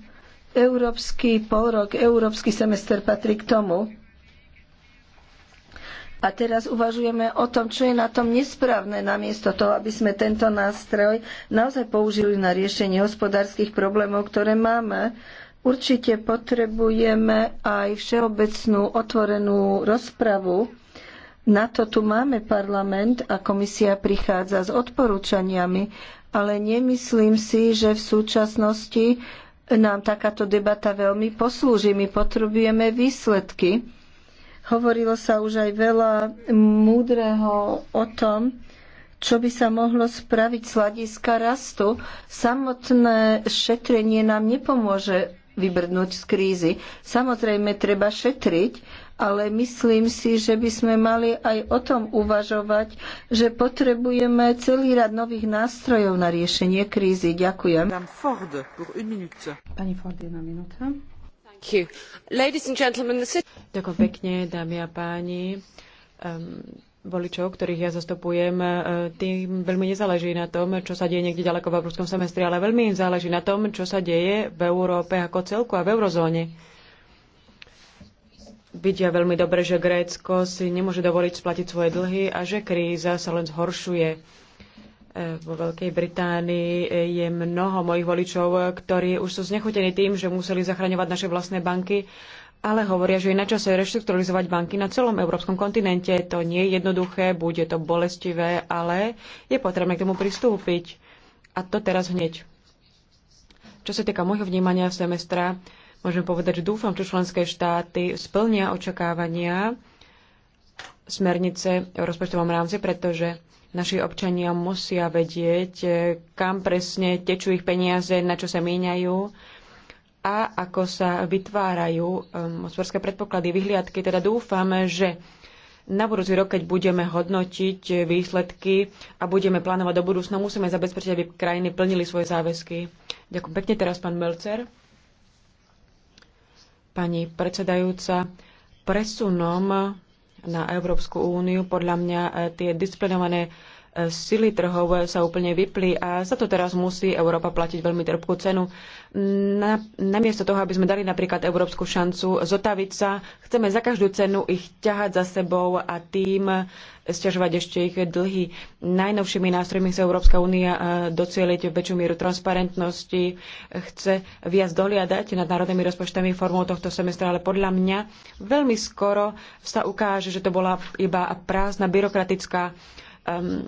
európsky polrok, európsky semester patrí k tomu. A teraz uvažujeme o tom, čo je na tom nesprávne, namiesto toho, aby sme tento nástroj naozaj použili na riešenie hospodárskych problémov, ktoré máme. Určite potrebujeme aj všeobecnú otvorenú rozpravu. Na to tu máme parlament a komisia prichádza s odporúčaniami, ale nemyslím si, že v súčasnosti nám takáto debata veľmi poslúži. My potrebujeme výsledky. Hovorilo sa už aj veľa múdreho o tom, čo by sa mohlo spraviť z hľadiska rastu. Samotné šetrenie nám nepomôže vybrnúť z krízy. Samozrejme, treba šetriť, ale myslím si, že by sme mali aj o tom uvažovať, že potrebujeme celý rad nových nástrojov na riešenie krízy. Ďakujem. Pani Ford, jedna minúta. Ďakujem pekne, dámy a páni. Um, voličov, ktorých ja zastupujem, e, tým veľmi nezáleží na tom, čo sa deje niekde ďaleko v európskom semestri, ale veľmi im záleží na tom, čo sa deje v Európe ako celku a v eurozóne. Vidia veľmi dobre, že Grécko si nemôže dovoliť splatiť svoje dlhy a že kríza sa len zhoršuje. E, vo Veľkej Británii e, je mnoho mojich voličov, ktorí už sú znechutení tým, že museli zachraňovať naše vlastné banky ale hovoria, že je na čase reštrukturalizovať banky na celom európskom kontinente. To nie je jednoduché, bude to bolestivé, ale je potrebné k tomu pristúpiť. A to teraz hneď. Čo sa týka môjho vnímania semestra, môžem povedať, že dúfam, že členské štáty splnia očakávania smernice o rozpočtovom rámci, pretože naši občania musia vedieť, kam presne tečú ich peniaze, na čo sa míňajú a ako sa vytvárajú um, hospodárske predpoklady, vyhliadky. Teda dúfame, že na budúci rok, keď budeme hodnotiť výsledky a budeme plánovať do budúcna, musíme zabezpečiť, aby krajiny plnili svoje záväzky. Ďakujem pekne teraz, pán Melcer. Pani predsedajúca, presunom na Európsku úniu podľa mňa eh, tie disciplinované sily trhov sa úplne vypli a za to teraz musí Európa platiť veľmi trpkú cenu. Na, namiesto toho, aby sme dali napríklad európsku šancu zotaviť sa, chceme za každú cenu ich ťahať za sebou a tým stiažovať ešte ich dlhy. Najnovšími nástrojmi sa Európska únia e, docieliť väčšiu mieru transparentnosti, chce viac dohliadať nad národnými rozpočtami formou tohto semestra, ale podľa mňa veľmi skoro sa ukáže, že to bola iba prázdna byrokratická um,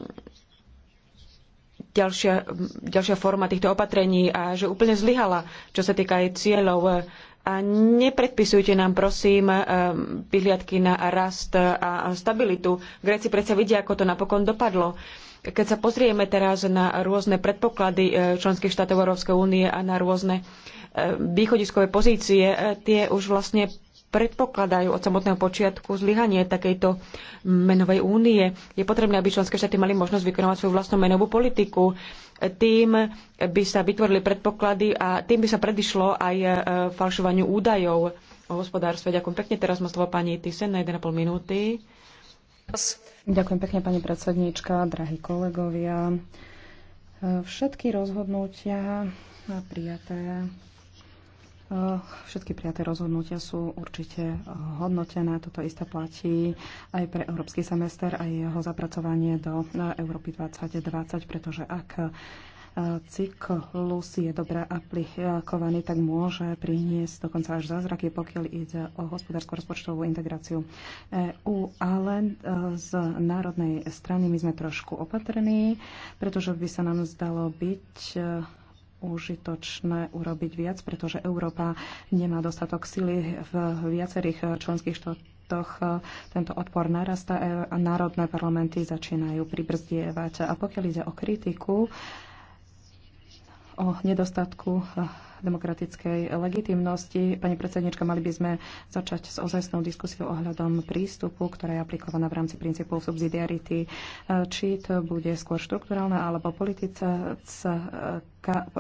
ďalšia, ďalšia forma týchto opatrení a že úplne zlyhala, čo sa týka aj cieľov. A nepredpisujte nám, prosím, ehm, vyhliadky na rast a stabilitu. Gréci predsa vidia, ako to napokon dopadlo. Keď sa pozrieme teraz na rôzne predpoklady e, členských štátov Európskej únie a na rôzne e, východiskové pozície, e, tie už vlastne predpokladajú od samotného počiatku zlyhanie takejto menovej únie. Je potrebné, aby členské štáty mali možnosť vykonávať svoju vlastnú menovú politiku. Tým by sa vytvorili predpoklady a tým by sa predišlo aj e, falšovaniu údajov o hospodárstve. Ďakujem pekne. Teraz má slovo pani Tysen na 1,5 minúty. Ďakujem pekne, pani predsedníčka, drahí kolegovia. E, všetky rozhodnutia prijaté Eh, všetky prijaté rozhodnutia sú určite eh, hodnotené. Toto isté platí aj pre európsky semester a jeho zapracovanie do eh, Európy 2020, pretože ak cyklus je dobre aplikovaný, tak môže priniesť dokonca až zázraky, pokiaľ ide o hospodárskú rozpočtovú integráciu EU. Ale z národnej strany my sme trošku opatrní, pretože by sa nám zdalo byť užitočné urobiť viac, pretože Európa nemá dostatok sily v viacerých členských štátoch tento odpor narastá a e, národné parlamenty začínajú pribrzdievať. A pokiaľ ide o kritiku, o nedostatku demokratickej legitimnosti. Pani predsednička, mali by sme začať s ozajstnou diskusiou ohľadom prístupu, ktorá je aplikovaná v rámci princípov subsidiarity. Či to bude skôr štruktúralná alebo politická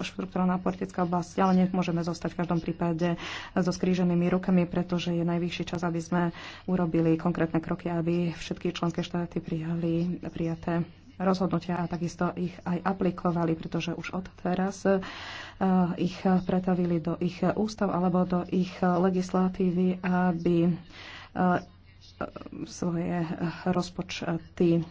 štruktúrálna politická oblasť, ale nemôžeme zostať v každom prípade so skríženými rukami, pretože je najvyšší čas, aby sme urobili konkrétne kroky, aby všetky členské štáty prijali prijaté rozhodnutia a takisto ich aj aplikovali, pretože už od teraz eh, ich pretavili do ich ústav alebo do ich legislatívy, aby eh, eh, svoje rozpočty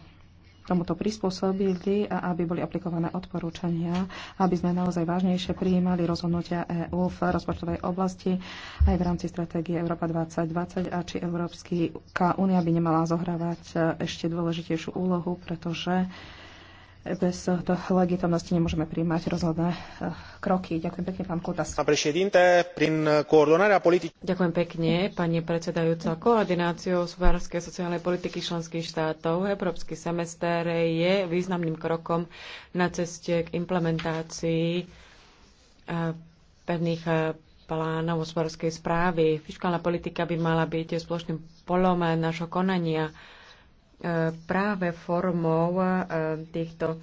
tomuto prispôsobili a aby boli aplikované odporúčania, aby sme naozaj vážnejšie prijímali rozhodnutia EÚ v rozpočtovej oblasti aj v rámci stratégie Európa 2020 a či Európska únia by nemala zohrávať ešte dôležitejšiu úlohu, pretože bez legitimnosti nemôžeme príjmať rozhodné eh, kroky. Ďakujem pekne, pán Kutas. Ďakujem pekne, pani predsedajúca. Koordináciou hospodárskej a sociálnej politiky členských štátov Európsky semester je významným krokom na ceste k implementácii eh, pevných eh, plánov hospodárskej správy. Fiskálna politika by mala byť spoločným polom našho konania E, práve formou e, týchto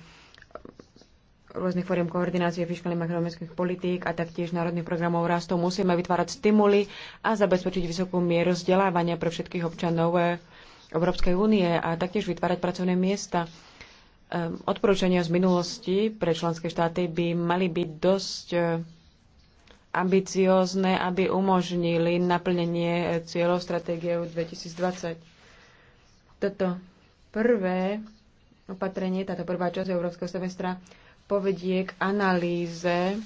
rôznych fóriem koordinácie fiskálnych makroekonomických politík a taktiež národných programov rastu musíme vytvárať stimuly a zabezpečiť vysokú mieru vzdelávania pre všetkých občanov e, Európskej únie a taktiež vytvárať pracovné miesta. Odporúčania z minulosti pre členské štáty by mali byť dosť ambiciózne, aby umožnili naplnenie cieľov stratégie 2020 toto prvé opatrenie, táto prvá časť Európskeho semestra povedie k analýze,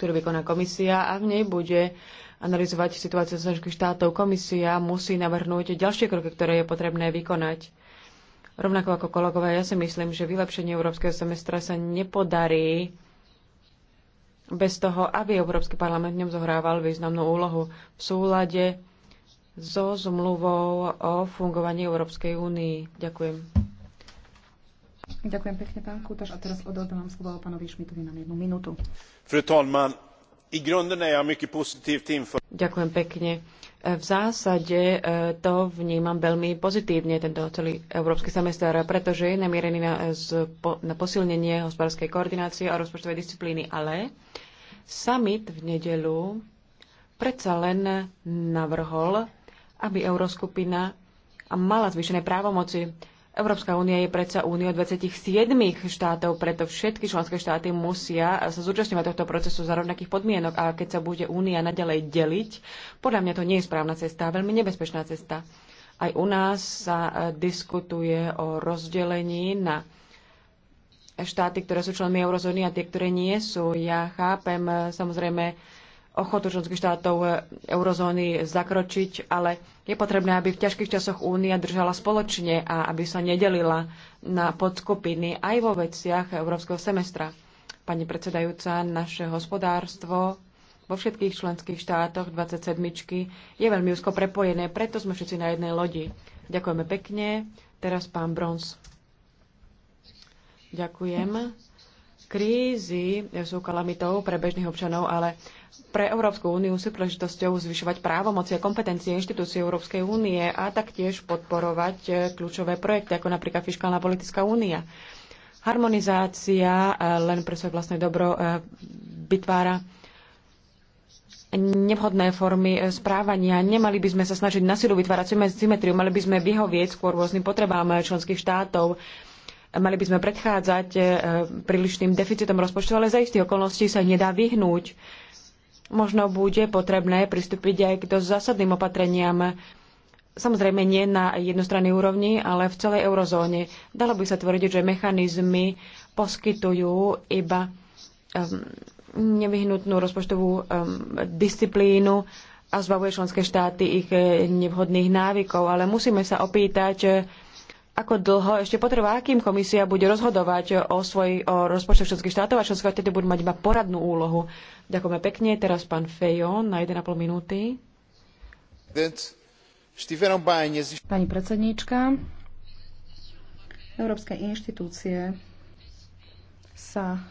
ktorú vykoná komisia a v nej bude analyzovať situáciu členských štátov. Komisia musí navrhnúť ďalšie kroky, ktoré je potrebné vykonať. Rovnako ako kolegovia, ja si myslím, že vylepšenie Európskeho semestra sa nepodarí bez toho, aby Európsky parlament ňom zohrával významnú úlohu v súlade so zmluvou o fungovaní Európskej únii. Ďakujem. Ďakujem pekne, pán Kutaš. A teraz odovzdávam slovo pánovi Šmitovi na jednu minútu. Fru talman, i Ďakujem pekne. V zásade e, to vnímam veľmi pozitívne, tento celý európsky semester, pretože je namierený na, na posilnenie hospodárskej koordinácie a rozpočtovej disciplíny, ale summit v nedelu predsa len navrhol aby Euroskupina mala zvýšené právomoci. Európska únia je predsa únia 27 štátov, preto všetky členské štáty musia sa zúčastňovať tohto procesu za rovnakých podmienok a keď sa bude únia naďalej deliť, podľa mňa to nie je správna cesta, veľmi nebezpečná cesta. Aj u nás sa e, diskutuje o rozdelení na štáty, ktoré sú členmi eurozóny a tie, ktoré nie sú. Ja chápem samozrejme ochotu členských štátov e, eurozóny zakročiť, ale je potrebné, aby v ťažkých časoch Únia držala spoločne a aby sa nedelila na podskupiny aj vo veciach európskeho semestra. Pani predsedajúca, naše hospodárstvo vo všetkých členských štátoch 27 je veľmi úzko prepojené, preto sme všetci na jednej lodi. Ďakujeme pekne. Teraz pán Brons. Ďakujem. Krízy sú kalamitou pre bežných občanov, ale pre Európsku úniu sú príležitosťou zvyšovať právomoci a kompetencie inštitúcií Európskej únie a taktiež podporovať e, kľúčové projekty, ako napríklad Fiskálna politická únia. Harmonizácia e, len pre svoje vlastné dobro e, vytvára nevhodné formy správania. Nemali by sme sa snažiť na silu vytvárať symetriu, mali by sme vyhovieť skôr rôznym potrebám členských štátov Mali by sme predchádzať e, prílišným deficitom rozpočtu, ale za istých okolností sa nedá vyhnúť. Možno bude potrebné pristúpiť aj k dosť zásadným opatreniam, samozrejme nie na jednostrannej úrovni, ale v celej eurozóne. Dalo by sa tvrdiť, že mechanizmy poskytujú iba um, nevyhnutnú rozpočtovú um, disciplínu a zbavuje členské štáty ich nevhodných návykov. Ale musíme sa opýtať, ako dlho ešte potrvá, akým komisia bude rozhodovať o, svoj, o rozpočte členských štátov a členské štáty budú mať iba poradnú úlohu. Ďakujeme pekne. Teraz pán Fejon na 1,5 minúty. Pani predsedníčka, európske inštitúcie sa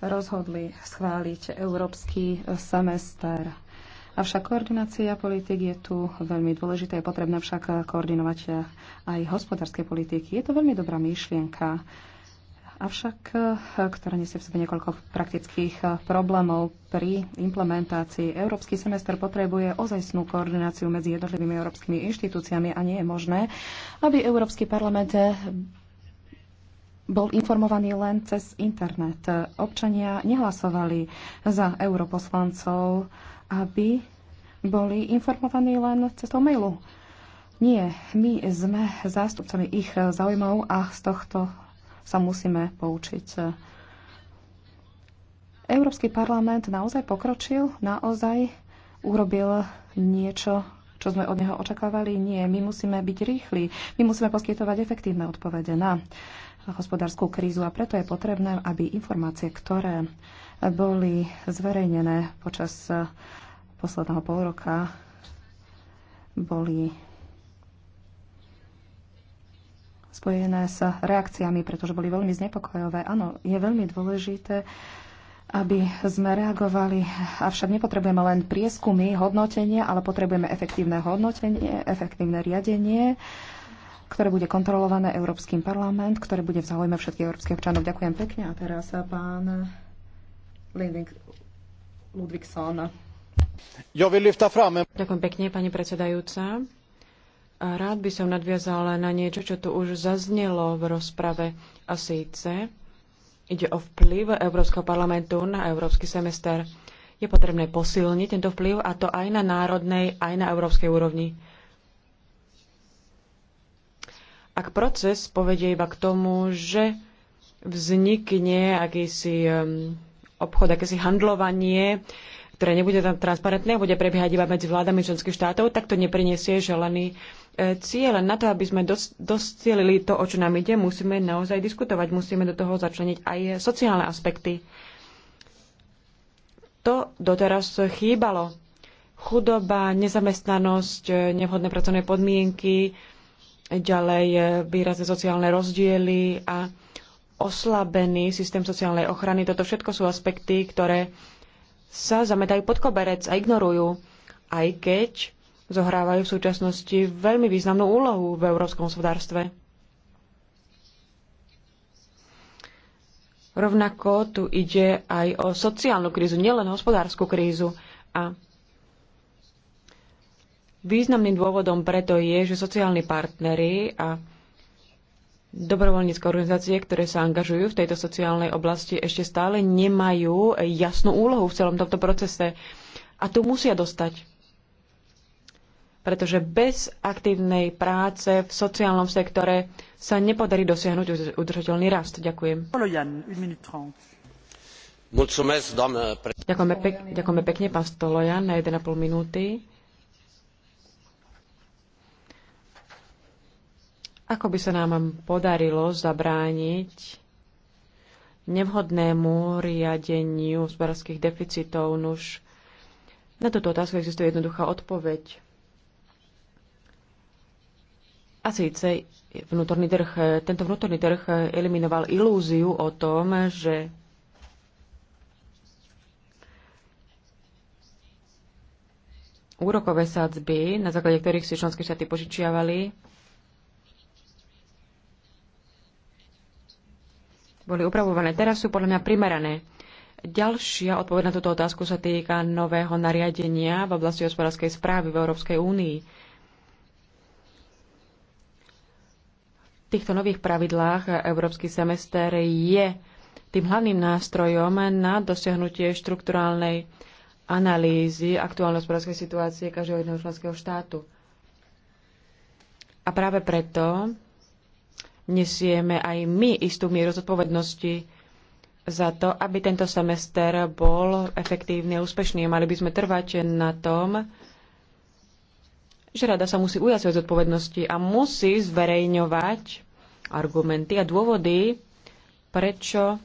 rozhodli schváliť európsky semester Avšak koordinácia politik je tu veľmi dôležitá. Je potrebné však koordinovať aj hospodárske politiky. Je to veľmi dobrá myšlienka, avšak eh, ktorá nesie v sebe niekoľko praktických eh, problémov pri implementácii. Európsky semester potrebuje ozajstnú koordináciu medzi jednotlivými európskymi inštitúciami a nie je možné, aby Európsky parlament bol informovaný len cez internet. Občania nehlasovali za europoslancov, aby boli informovaní len cez toho mailu. Nie, my sme zástupcami ich záujmov a z tohto sa musíme poučiť. Európsky parlament naozaj pokročil, naozaj urobil niečo čo sme od neho očakávali? Nie, my musíme byť rýchli, my musíme poskytovať efektívne odpovede na hospodárskú krízu a preto je potrebné, aby informácie, ktoré boli zverejnené počas eh, posledného pol roka, boli spojené s reakciami, pretože boli veľmi znepokojové. Áno, je veľmi dôležité, aby sme reagovali. Avšak nepotrebujeme len prieskumy, hodnotenie, ale potrebujeme efektívne hodnotenie, efektívne riadenie ktoré bude kontrolované Európskym parlament, ktoré bude v záujme všetkých európskych občanov. Ďakujem pekne. A teraz eh, pán Lindvik Ludvíkson. Ďakujem pekne, pani predsedajúca. Rád by som nadviazala na niečo, čo tu už zaznelo v rozprave a síce ide o vplyv Európskeho parlamentu na Európsky semester. Je potrebné posilniť tento vplyv a to aj na národnej, aj na európskej úrovni Ak proces povedie iba k tomu, že vznikne akýsi obchod, akési handlovanie, ktoré nebude tam transparentné a bude prebiehať iba medzi vládami členských štátov, tak to nepriniesie želený e, cieľ. Na to, aby sme dos- to, o čo nám ide, musíme naozaj diskutovať. Musíme do toho začleniť aj sociálne aspekty. To doteraz chýbalo. Chudoba, nezamestnanosť, nevhodné pracovné podmienky, ďalej e, výrazné sociálne rozdiely a oslabený systém sociálnej ochrany. Toto všetko sú aspekty, ktoré sa zametajú pod koberec a ignorujú, aj keď zohrávajú v súčasnosti veľmi významnú úlohu v európskom hospodárstve. Rovnako tu ide aj o sociálnu krízu, nielen hospodárskú krízu. A Významným dôvodom preto je, že sociálni partnery a dobrovoľnícke organizácie, ktoré sa angažujú v tejto sociálnej oblasti, ešte stále nemajú jasnú úlohu v celom tomto procese. A tu musia dostať. Pretože bez aktívnej práce v sociálnom sektore sa nepodarí dosiahnuť udržateľný rast. Ďakujem. Ďakujeme, pek- ďakujeme pekne, pán Stolojan, na 1,5 minúty. Ako by sa nám podarilo zabrániť nevhodnému riadeniu zberských deficitov? Nuž, na túto otázku existuje jednoduchá odpoveď. A síce vnútorný trh, tento vnútorný trh eliminoval ilúziu o tom, že úrokové sádzby, na základe ktorých si členské štáty požičiavali, boli upravované, teraz sú podľa mňa primerané. Ďalšia odpoveď na túto otázku sa týka nového nariadenia v oblasti hospodárskej správy v Európskej únii. V týchto nových pravidlách Európsky semester je tým hlavným nástrojom na dosiahnutie štrukturálnej analýzy aktuálnej hospodárskej situácie každého jedného členského štátu. A práve preto nesieme aj my istú mieru zodpovednosti za to, aby tento semester bol efektívny a úspešný. Mali by sme trvať na tom, že rada sa musí ujať svojej zodpovednosti a musí zverejňovať argumenty a dôvody, prečo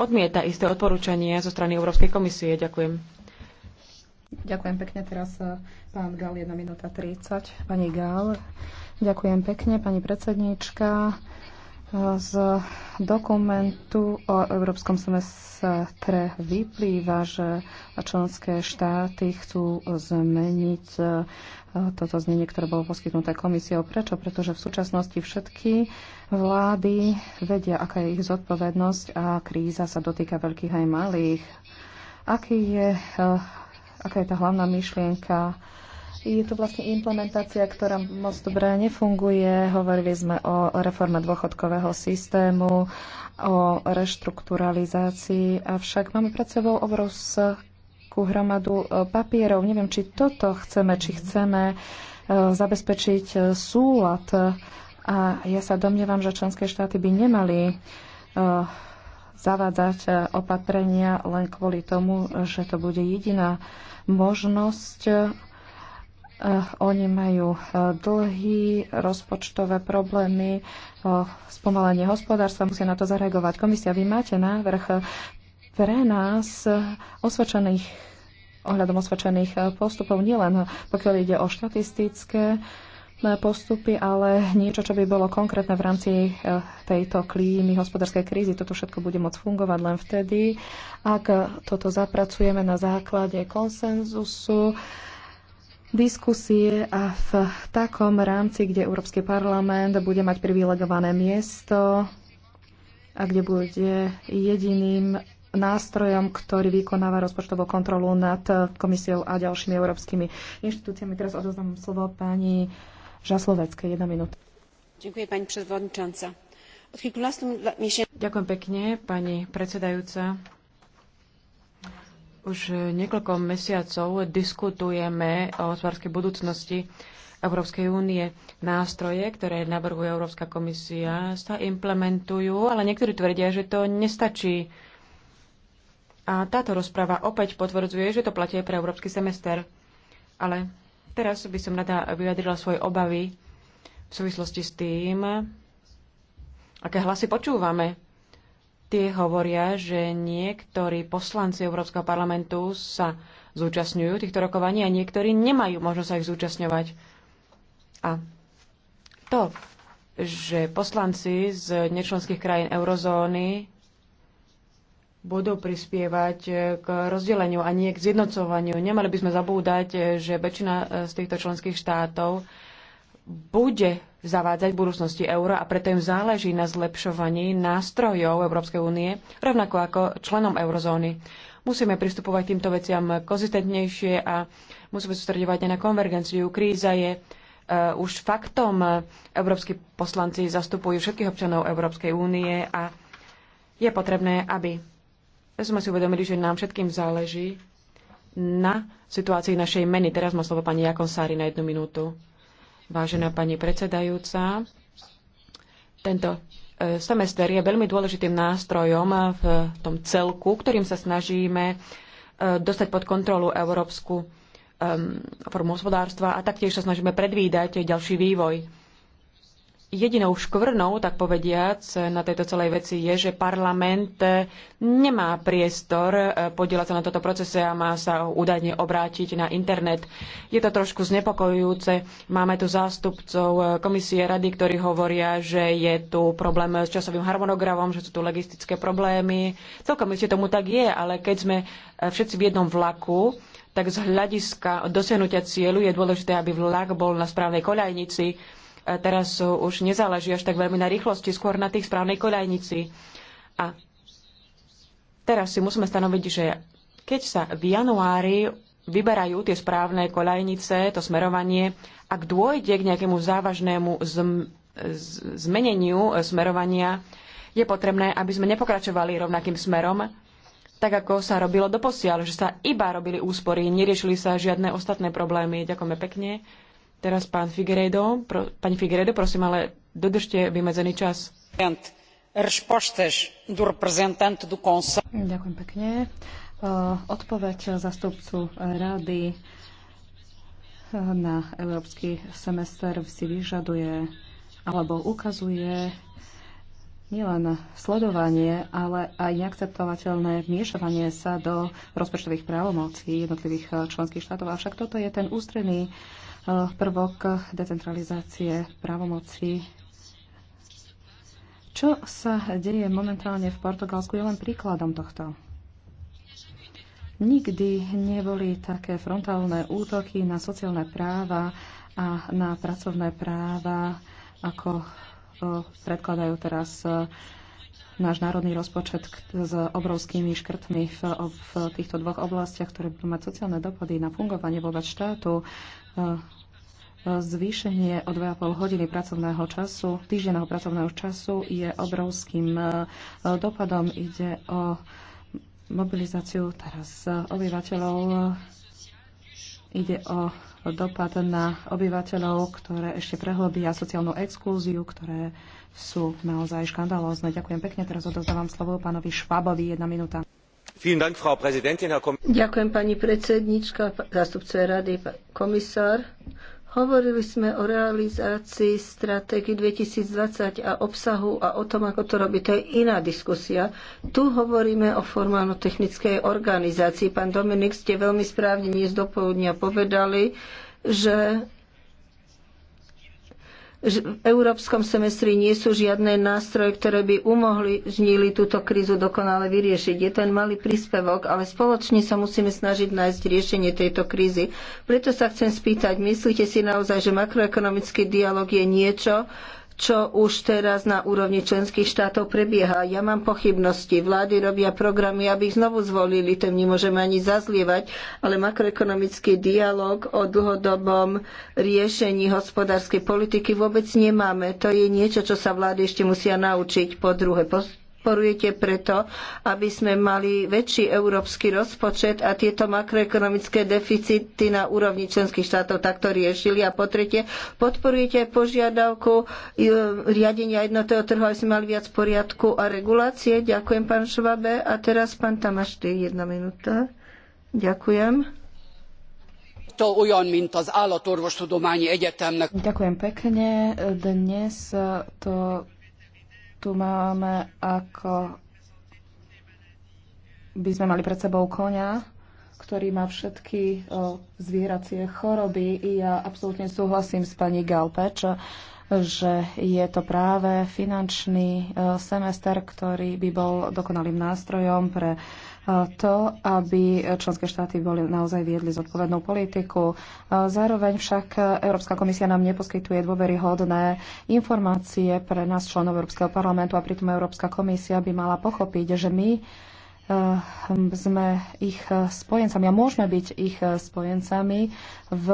odmieta isté odporúčanie zo strany Európskej komisie. Ďakujem. Ďakujem pekne. Teraz eh, pán Gál, 1 minúta 30. Pani Gál, Ďakujem pekne, pani predsedníčka. Z dokumentu o Európskom semestre vyplýva, že členské štáty chcú zmeniť e, toto znenie, ktoré bolo poskytnuté komisiou. Prečo? Pretože v súčasnosti všetky vlády vedia, aká je ich zodpovednosť a kríza sa dotýka veľkých aj malých. Aký je, e, aká je tá hlavná myšlienka je to vlastne implementácia, ktorá moc dobre nefunguje. Hovorili sme o reforme dôchodkového systému, o reštrukturalizácii, avšak máme pred sebou obrovskú hromadu e, papierov. Neviem, či toto chceme, či mhm. chceme e, zabezpečiť e, súlad. A ja sa domnievam, že členské štáty by nemali zavádzať opatrenia len kvôli tomu, že to bude jediná možnosť Eh, oni majú eh, dlhy, rozpočtové problémy, eh, spomalenie hospodárstva, musia na to zareagovať. Komisia, vy máte návrh pre nás osvedčených ohľadom osvedčených postupov, nielen pokiaľ ide o štatistické postupy, ale niečo, čo by bolo konkrétne v rámci tejto klímy hospodárskej krízy. Toto všetko bude môcť fungovať len vtedy, ak toto zapracujeme na základe konsenzusu diskusie a v takom rámci, kde Európsky parlament bude mať privilegované miesto a kde bude jediným nástrojom, ktorý vykonáva rozpočtovú kontrolu nad komisiou a ďalšími európskymi inštitúciami. Teraz odoznam slovo pani Žasloveckej. Jedna minúta. Ďakujem, pani predvodničanca. Ďakujem pekne, pani predsedajúca. Už niekoľko mesiacov diskutujeme o hospodárskej budúcnosti Európskej únie. Nástroje, ktoré navrhuje Európska komisia, sa implementujú, ale niektorí tvrdia, že to nestačí. A táto rozpráva opäť potvrdzuje, že to platí pre Európsky semester. Ale teraz by som rada vyjadrila svoje obavy v súvislosti s tým, aké hlasy počúvame Tie hovoria, že niektorí poslanci Európskeho parlamentu sa zúčastňujú týchto rokovaní a niektorí nemajú možnosť sa ich zúčastňovať. A to, že poslanci z nečlenských krajín eurozóny budú prispievať k rozdeleniu a nie k zjednocovaniu. Nemali by sme zabúdať, že väčšina z týchto členských štátov bude zavádzať v budúcnosti euro a preto im záleží na zlepšovaní nástrojov Európskej únie, rovnako ako členom eurozóny. Musíme pristupovať k týmto veciam konzistentnejšie a musíme sústredovať aj na konvergenciu. Kríza je uh, už faktom. Európsky poslanci zastupujú všetkých občanov Európskej únie a je potrebné, aby sme si uvedomili, že nám všetkým záleží na situácii našej meny. Teraz má slovo pani Jakonsári na jednu minútu. Vážená pani predsedajúca, tento e, semester je veľmi dôležitým nástrojom v tom celku, ktorým sa snažíme e, dostať pod kontrolu európsku e, formu hospodárstva a taktiež sa snažíme predvídať ďalší vývoj jedinou škvrnou, tak povediac, na tejto celej veci je, že parlament eh, nemá priestor eh, podielať sa na toto procese a má sa údajne obrátiť na internet. Je to trošku znepokojujúce. Máme tu zástupcov eh, komisie rady, ktorí hovoria, že je tu problém s časovým harmonogramom, že sú tu logistické problémy. Celkom ešte tomu tak je, ale keď sme všetci v jednom vlaku, tak z hľadiska dosiahnutia cieľu je dôležité, aby vlak bol na správnej koľajnici teraz už nezáleží až tak veľmi na rýchlosti, skôr na tých správnej koľajnici. A teraz si musíme stanoviť, že keď sa v januári vyberajú tie správne koľajnice, to smerovanie, ak dôjde k nejakému závažnému zm- zmeneniu smerovania, je potrebné, aby sme nepokračovali rovnakým smerom, tak ako sa robilo doposiaľ, že sa iba robili úspory, neriešili sa žiadne ostatné problémy. Ďakujeme pekne. Teraz pán Figueredo, pro, pani Figueredo, prosím, ale dodržte vymedzený čas. Ďakujem pekne. E, odpoveď zastupcu rady na európsky semester si vyžaduje alebo ukazuje nielen sledovanie, ale aj neakceptovateľné vmiešavanie sa do rozpočtových právomocí jednotlivých členských štátov. Avšak toto je ten ústredný Eh, prvok decentralizácie právomoci. Čo sa deje momentálne v Portugalsku je len príkladom tohto. Nikdy neboli také frontálne útoky na sociálne práva a na pracovné práva, ako eh, predkladajú teraz eh, náš národný rozpočet s obrovskými škrtmi v, v týchto dvoch oblastiach, ktoré budú mať sociálne dopady na fungovanie vôbec štátu, e, e, zvýšenie o 2,5 hodiny pracovného času, týždenného pracovného času je obrovským e, dopadom. Ide o mobilizáciu teraz obyvateľov, ide o dopad na obyvateľov, ktoré ešte prehlbia sociálnu exklúziu, ktoré sú naozaj škandalózne. Ďakujem pekne. Teraz odozdávam slovo pánovi Švábovi. Jedna minúta. Ďakujem pani predsednička, zastupce rady, komisár. Hovorili sme o realizácii stratégie 2020 a obsahu a o tom, ako to robiť. To je iná diskusia. Tu hovoríme o formálno-technickej organizácii. Pán Dominik, ste veľmi správne dnes do povedali, že v európskom semestri nie sú žiadne nástroje, ktoré by umožnili túto krízu dokonale vyriešiť. Je ten malý príspevok, ale spoločne sa musíme snažiť nájsť riešenie tejto krízy. Preto sa chcem spýtať, myslíte si naozaj, že makroekonomický dialog je niečo, čo už teraz na úrovni členských štátov prebieha. Ja mám pochybnosti. Vlády robia programy, aby ich znovu zvolili. Tým nemôžeme ani zazlievať, ale makroekonomický dialog o dlhodobom riešení hospodárskej politiky vôbec nemáme. To je niečo, čo sa vlády ešte musia naučiť. Po druhé, podporujete preto, aby sme mali väčší európsky rozpočet a tieto makroekonomické deficity na úrovni členských štátov takto riešili. A po tretie, podporujete požiadavku e, riadenia jednotného trhu, aby sme mali viac poriadku a regulácie. Ďakujem, pán Švabe. A teraz pán Tamáš, jedna minúta. Ďakujem mint az Egyetemnek. Ďakujem pekne. Dnes to tu máme ako by sme mali pred sebou konia, ktorý má všetky o, zvieracie choroby. I ja absolútne súhlasím s pani Galpeč, že je to práve finančný e, semester, ktorý by bol dokonalým nástrojom pre e, to, aby členské štáty boli naozaj viedli zodpovednú politiku. E, zároveň však Európska komisia nám neposkytuje dôveryhodné informácie pre nás členov Európskeho parlamentu a pritom Európska komisia by mala pochopiť, že my sme ich spojencami a môžeme byť ich spojencami v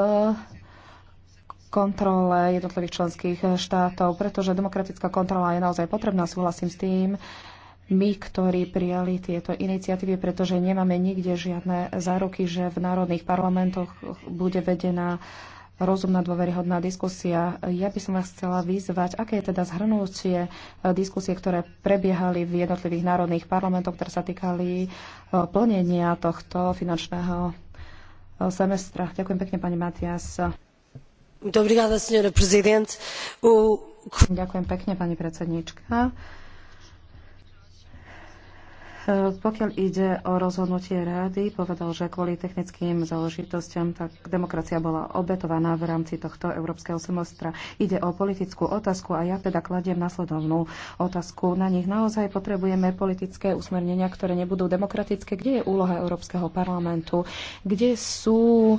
kontrole jednotlivých členských štátov, pretože demokratická kontrola je naozaj potrebná, súhlasím s tým, my, ktorí prijali tieto iniciatívy, pretože nemáme nikde žiadne záruky, že v národných parlamentoch bude vedená rozumná, dôveryhodná diskusia. Ja by som vás chcela vyzvať, aké je teda zhrnutie e, diskusie, ktoré prebiehali v jednotlivých národných parlamentoch, ktoré sa týkali e, plnenia tohto finančného e, semestra. Ďakujem pekne, pani Matias. Ďakujem pekne, pani predsedníčka. Eh, pokiaľ ide o rozhodnutie rády, povedal, že kvôli technickým záležitostiam tak demokracia bola obetovaná v rámci tohto európskeho semestra. Ide o politickú otázku a ja teda kladiem nasledovnú otázku. Na nich naozaj potrebujeme politické usmernenia, ktoré nebudú demokratické. Kde je úloha Európskeho parlamentu? Kde sú eh,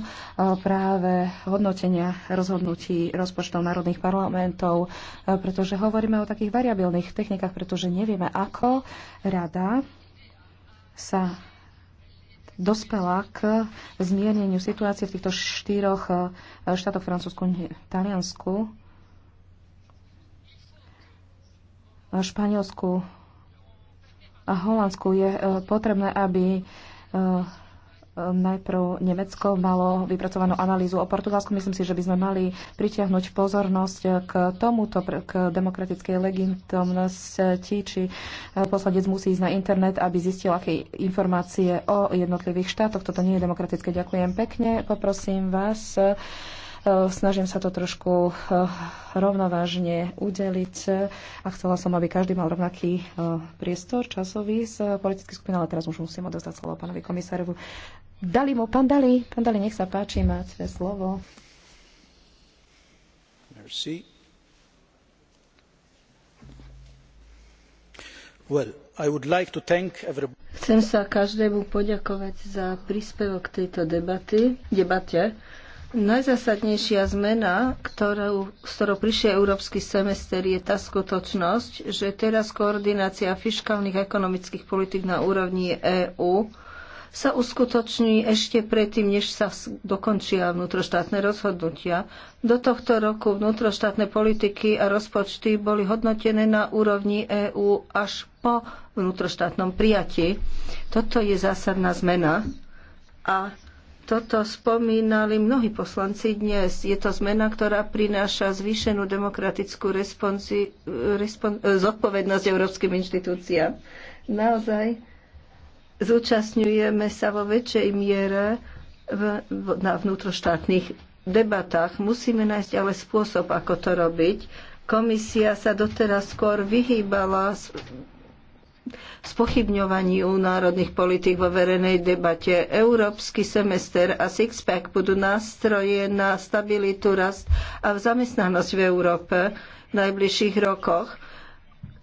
práve hodnotenia rozhodnutí rozpočtov národných parlamentov? Eh, pretože hovoríme o takých variabilných technikách, pretože nevieme, ako rada sa dospela k zmierneniu situácie v týchto štyroch eh, štátoch Francúzsku, Taliansku, eh, Španielsku a Holandsku. Je eh, potrebné, aby Ehm, najprv Nemecko malo vypracovanú analýzu o Portugalsku. Myslím si, že by sme mali pritiahnuť pozornosť k tomuto, k demokratickej legitimnosti, či eh, poslanec musí ísť na internet, aby zistil, aké informácie o jednotlivých štátoch. Toto nie je demokratické. Ďakujem pekne. Poprosím vás. Eh, snažím sa to trošku eh, rovnovážne udeliť a chcela som, aby každý mal rovnaký priestor časový z politických skupín, ale teraz už musím odozdať slovo pánovi komisárovi. Dali mu, pán Dali, pán Dali, nech sa páči, máte slovo. Merci. Well, I would like to thank everybody. Chcem sa každému poďakovať za príspevok tejto debaty, debate. Najzásadnejšia zmena, ktorou, s ktorou prišiel európsky semester, je tá skutočnosť, že teraz koordinácia fiškálnych a ekonomických politik na úrovni EÚ sa uskutoční ešte predtým, než sa dokončia vnútroštátne rozhodnutia. Do tohto roku vnútroštátne politiky a rozpočty boli hodnotené na úrovni EÚ až po vnútroštátnom prijatí. Toto je zásadná zmena a toto spomínali mnohí poslanci dnes. Je to zmena, ktorá prináša zvýšenú demokratickú respon, eh, zodpovednosť európskym inštitúciám. Naozaj Zúčastňujeme sa vo väčšej miere v, v, na vnútroštátnych debatách. Musíme nájsť ale spôsob, ako to robiť. Komisia sa doteraz skôr vyhýbala u národných politik vo verejnej debate. Európsky semester a six-pack budú nástroje na stabilitu, rast a zamestnanosť v Európe v najbližších rokoch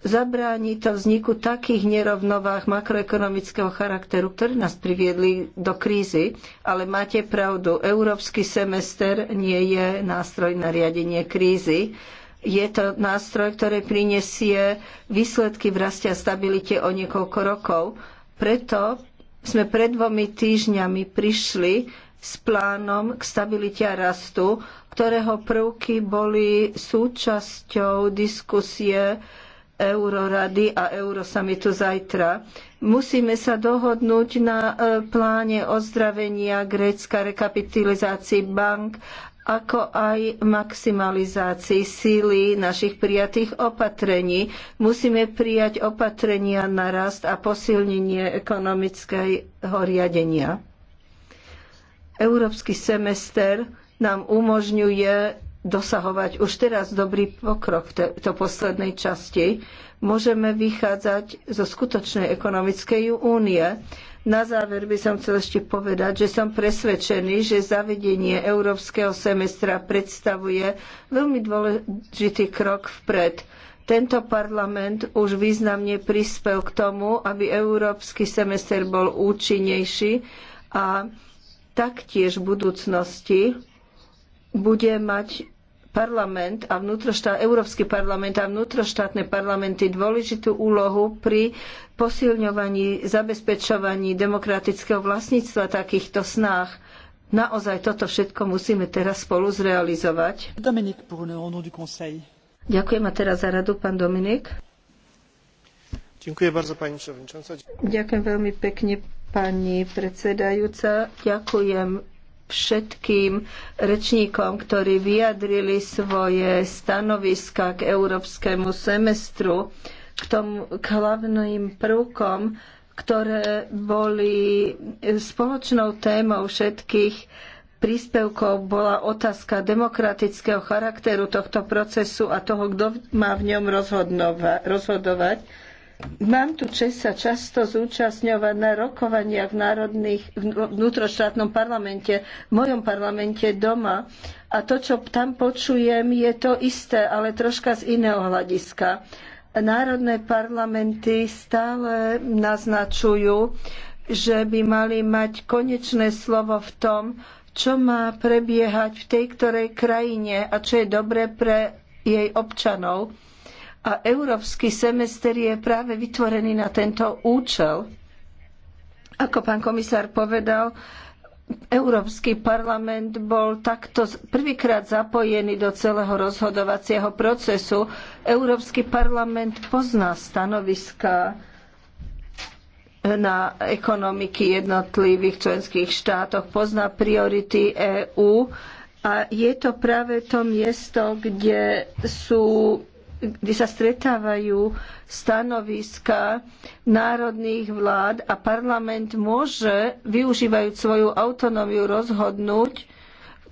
zabráni to vzniku takých nerovnovách makroekonomického charakteru, ktoré nás priviedli do krízy. Ale máte pravdu, európsky semester nie je nástroj na riadenie krízy. Je to nástroj, ktorý prinesie výsledky v raste a stabilite o niekoľko rokov. Preto sme pred dvomi týždňami prišli s plánom k stabilite a rastu, ktorého prvky boli súčasťou diskusie Eurorady a Eurosamitu zajtra. Musíme sa dohodnúť na e, pláne ozdravenia Grécka, rekapitalizácii bank, ako aj maximalizácii síly našich prijatých opatrení. Musíme prijať opatrenia na rast a posilnenie ekonomického riadenia. Európsky semester nám umožňuje dosahovať už teraz dobrý pokrok v tejto poslednej časti, môžeme vychádzať zo skutočnej ekonomickej únie. Na záver by som chcel ešte povedať, že som presvedčený, že zavedenie európskeho semestra predstavuje veľmi dôležitý krok vpred. Tento parlament už významne prispel k tomu, aby európsky semester bol účinnejší a taktiež v budúcnosti bude mať parlament a vnútroštát, Európsky parlament a vnútroštátne parlamenty dôležitú úlohu pri posilňovaní, zabezpečovaní demokratického vlastníctva takýchto snách. Naozaj toto všetko musíme teraz spolu zrealizovať. Dominik Brune, au nom du conseil. Ďakujem a teraz za radu, pán Dominik. Ďakujem bardzo, pani przewodnicząca. Ďakujem veľmi pekne, pani predsedajúca. Ďakujem všetkým rečníkom, ktorí vyjadrili svoje stanoviska k európskemu semestru, k, tomu, k hlavným prvkom, ktoré boli spoločnou témou všetkých príspevkov bola otázka demokratického charakteru tohto procesu a toho, kto má v ňom rozhodovať. Mám tu čest sa často zúčastňovať na rokovaniach v národných vnútroštátnom parlamente, v mojom parlamente doma. A to, čo tam počujem, je to isté, ale troška z iného hľadiska. Národné parlamenty stále naznačujú, že by mali mať konečné slovo v tom, čo má prebiehať v tej ktorej krajine a čo je dobre pre jej občanov a európsky semester je práve vytvorený na tento účel. Ako pán komisár povedal, Európsky parlament bol takto prvýkrát zapojený do celého rozhodovacieho procesu. Európsky parlament pozná stanoviska na ekonomiky jednotlivých členských štátoch, pozná priority EÚ a je to práve to miesto, kde sú kde sa stretávajú stanoviska národných vlád a parlament môže, využívajúc svoju autonómiu, rozhodnúť,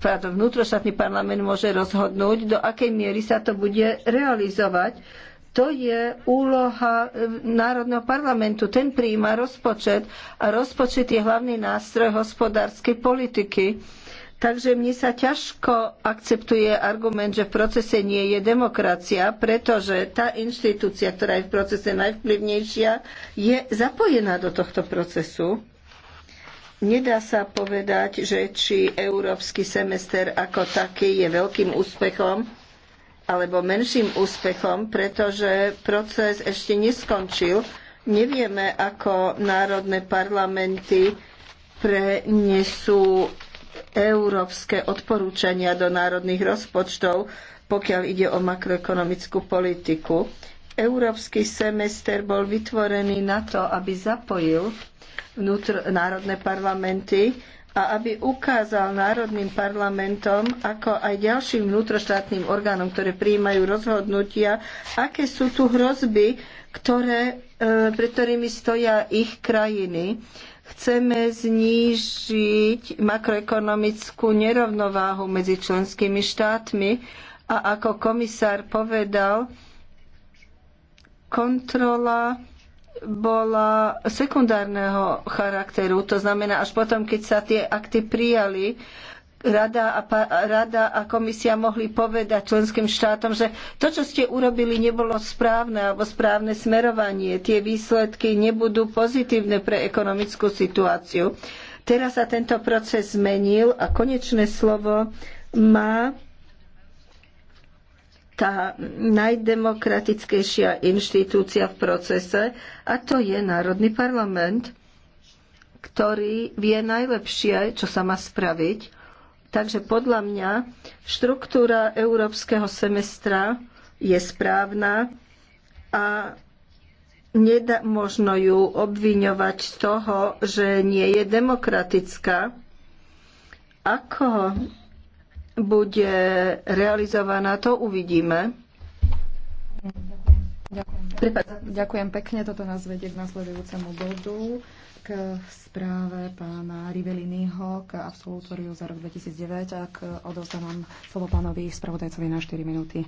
pardon, teda vnútroštátny parlament môže rozhodnúť, do akej miery sa to bude realizovať. To je úloha e, Národného parlamentu. Ten prijíma rozpočet a rozpočet je hlavný nástroj hospodárskej politiky. Takže mne sa ťažko akceptuje argument, že v procese nie je demokracia, pretože tá inštitúcia, ktorá je v procese najvplyvnejšia, je zapojená do tohto procesu. Nedá sa povedať, že či európsky semester ako taký je veľkým úspechom alebo menším úspechom, pretože proces ešte neskončil. Nevieme, ako národné parlamenty prenesú európske odporúčania do národných rozpočtov, pokiaľ ide o makroekonomickú politiku. Európsky semester bol vytvorený na to, aby zapojil vnútr- národné parlamenty a aby ukázal národným parlamentom, ako aj ďalším vnútroštátnym orgánom, ktoré prijímajú rozhodnutia, aké sú tu hrozby, ktoré, e, pred ktorými stoja ich krajiny. Chceme znížiť makroekonomickú nerovnováhu medzi členskými štátmi a ako komisár povedal, kontrola bola sekundárneho charakteru, to znamená až potom, keď sa tie akty prijali, rada a, rada a komisia mohli povedať členským štátom, že to, čo ste urobili, nebolo správne alebo správne smerovanie. Tie výsledky nebudú pozitívne pre ekonomickú situáciu. Teraz sa tento proces zmenil a konečné slovo má tá najdemokratickejšia inštitúcia v procese a to je Národný parlament, ktorý vie najlepšie, čo sa má spraviť Takže podľa mňa štruktúra európskeho semestra je správna a nedá, možno ju obviňovať z toho, že nie je demokratická. Ako bude realizovaná, to uvidíme. Ďakujem. Ďakujem. Ďakujem pekne, toto nás vedie k nasledujúcemu bodu k správe pána Riveliniho k absolutóriu za rok 2009 a k odovzdanom slovo pánovi spravodajcovi na 4 minúty.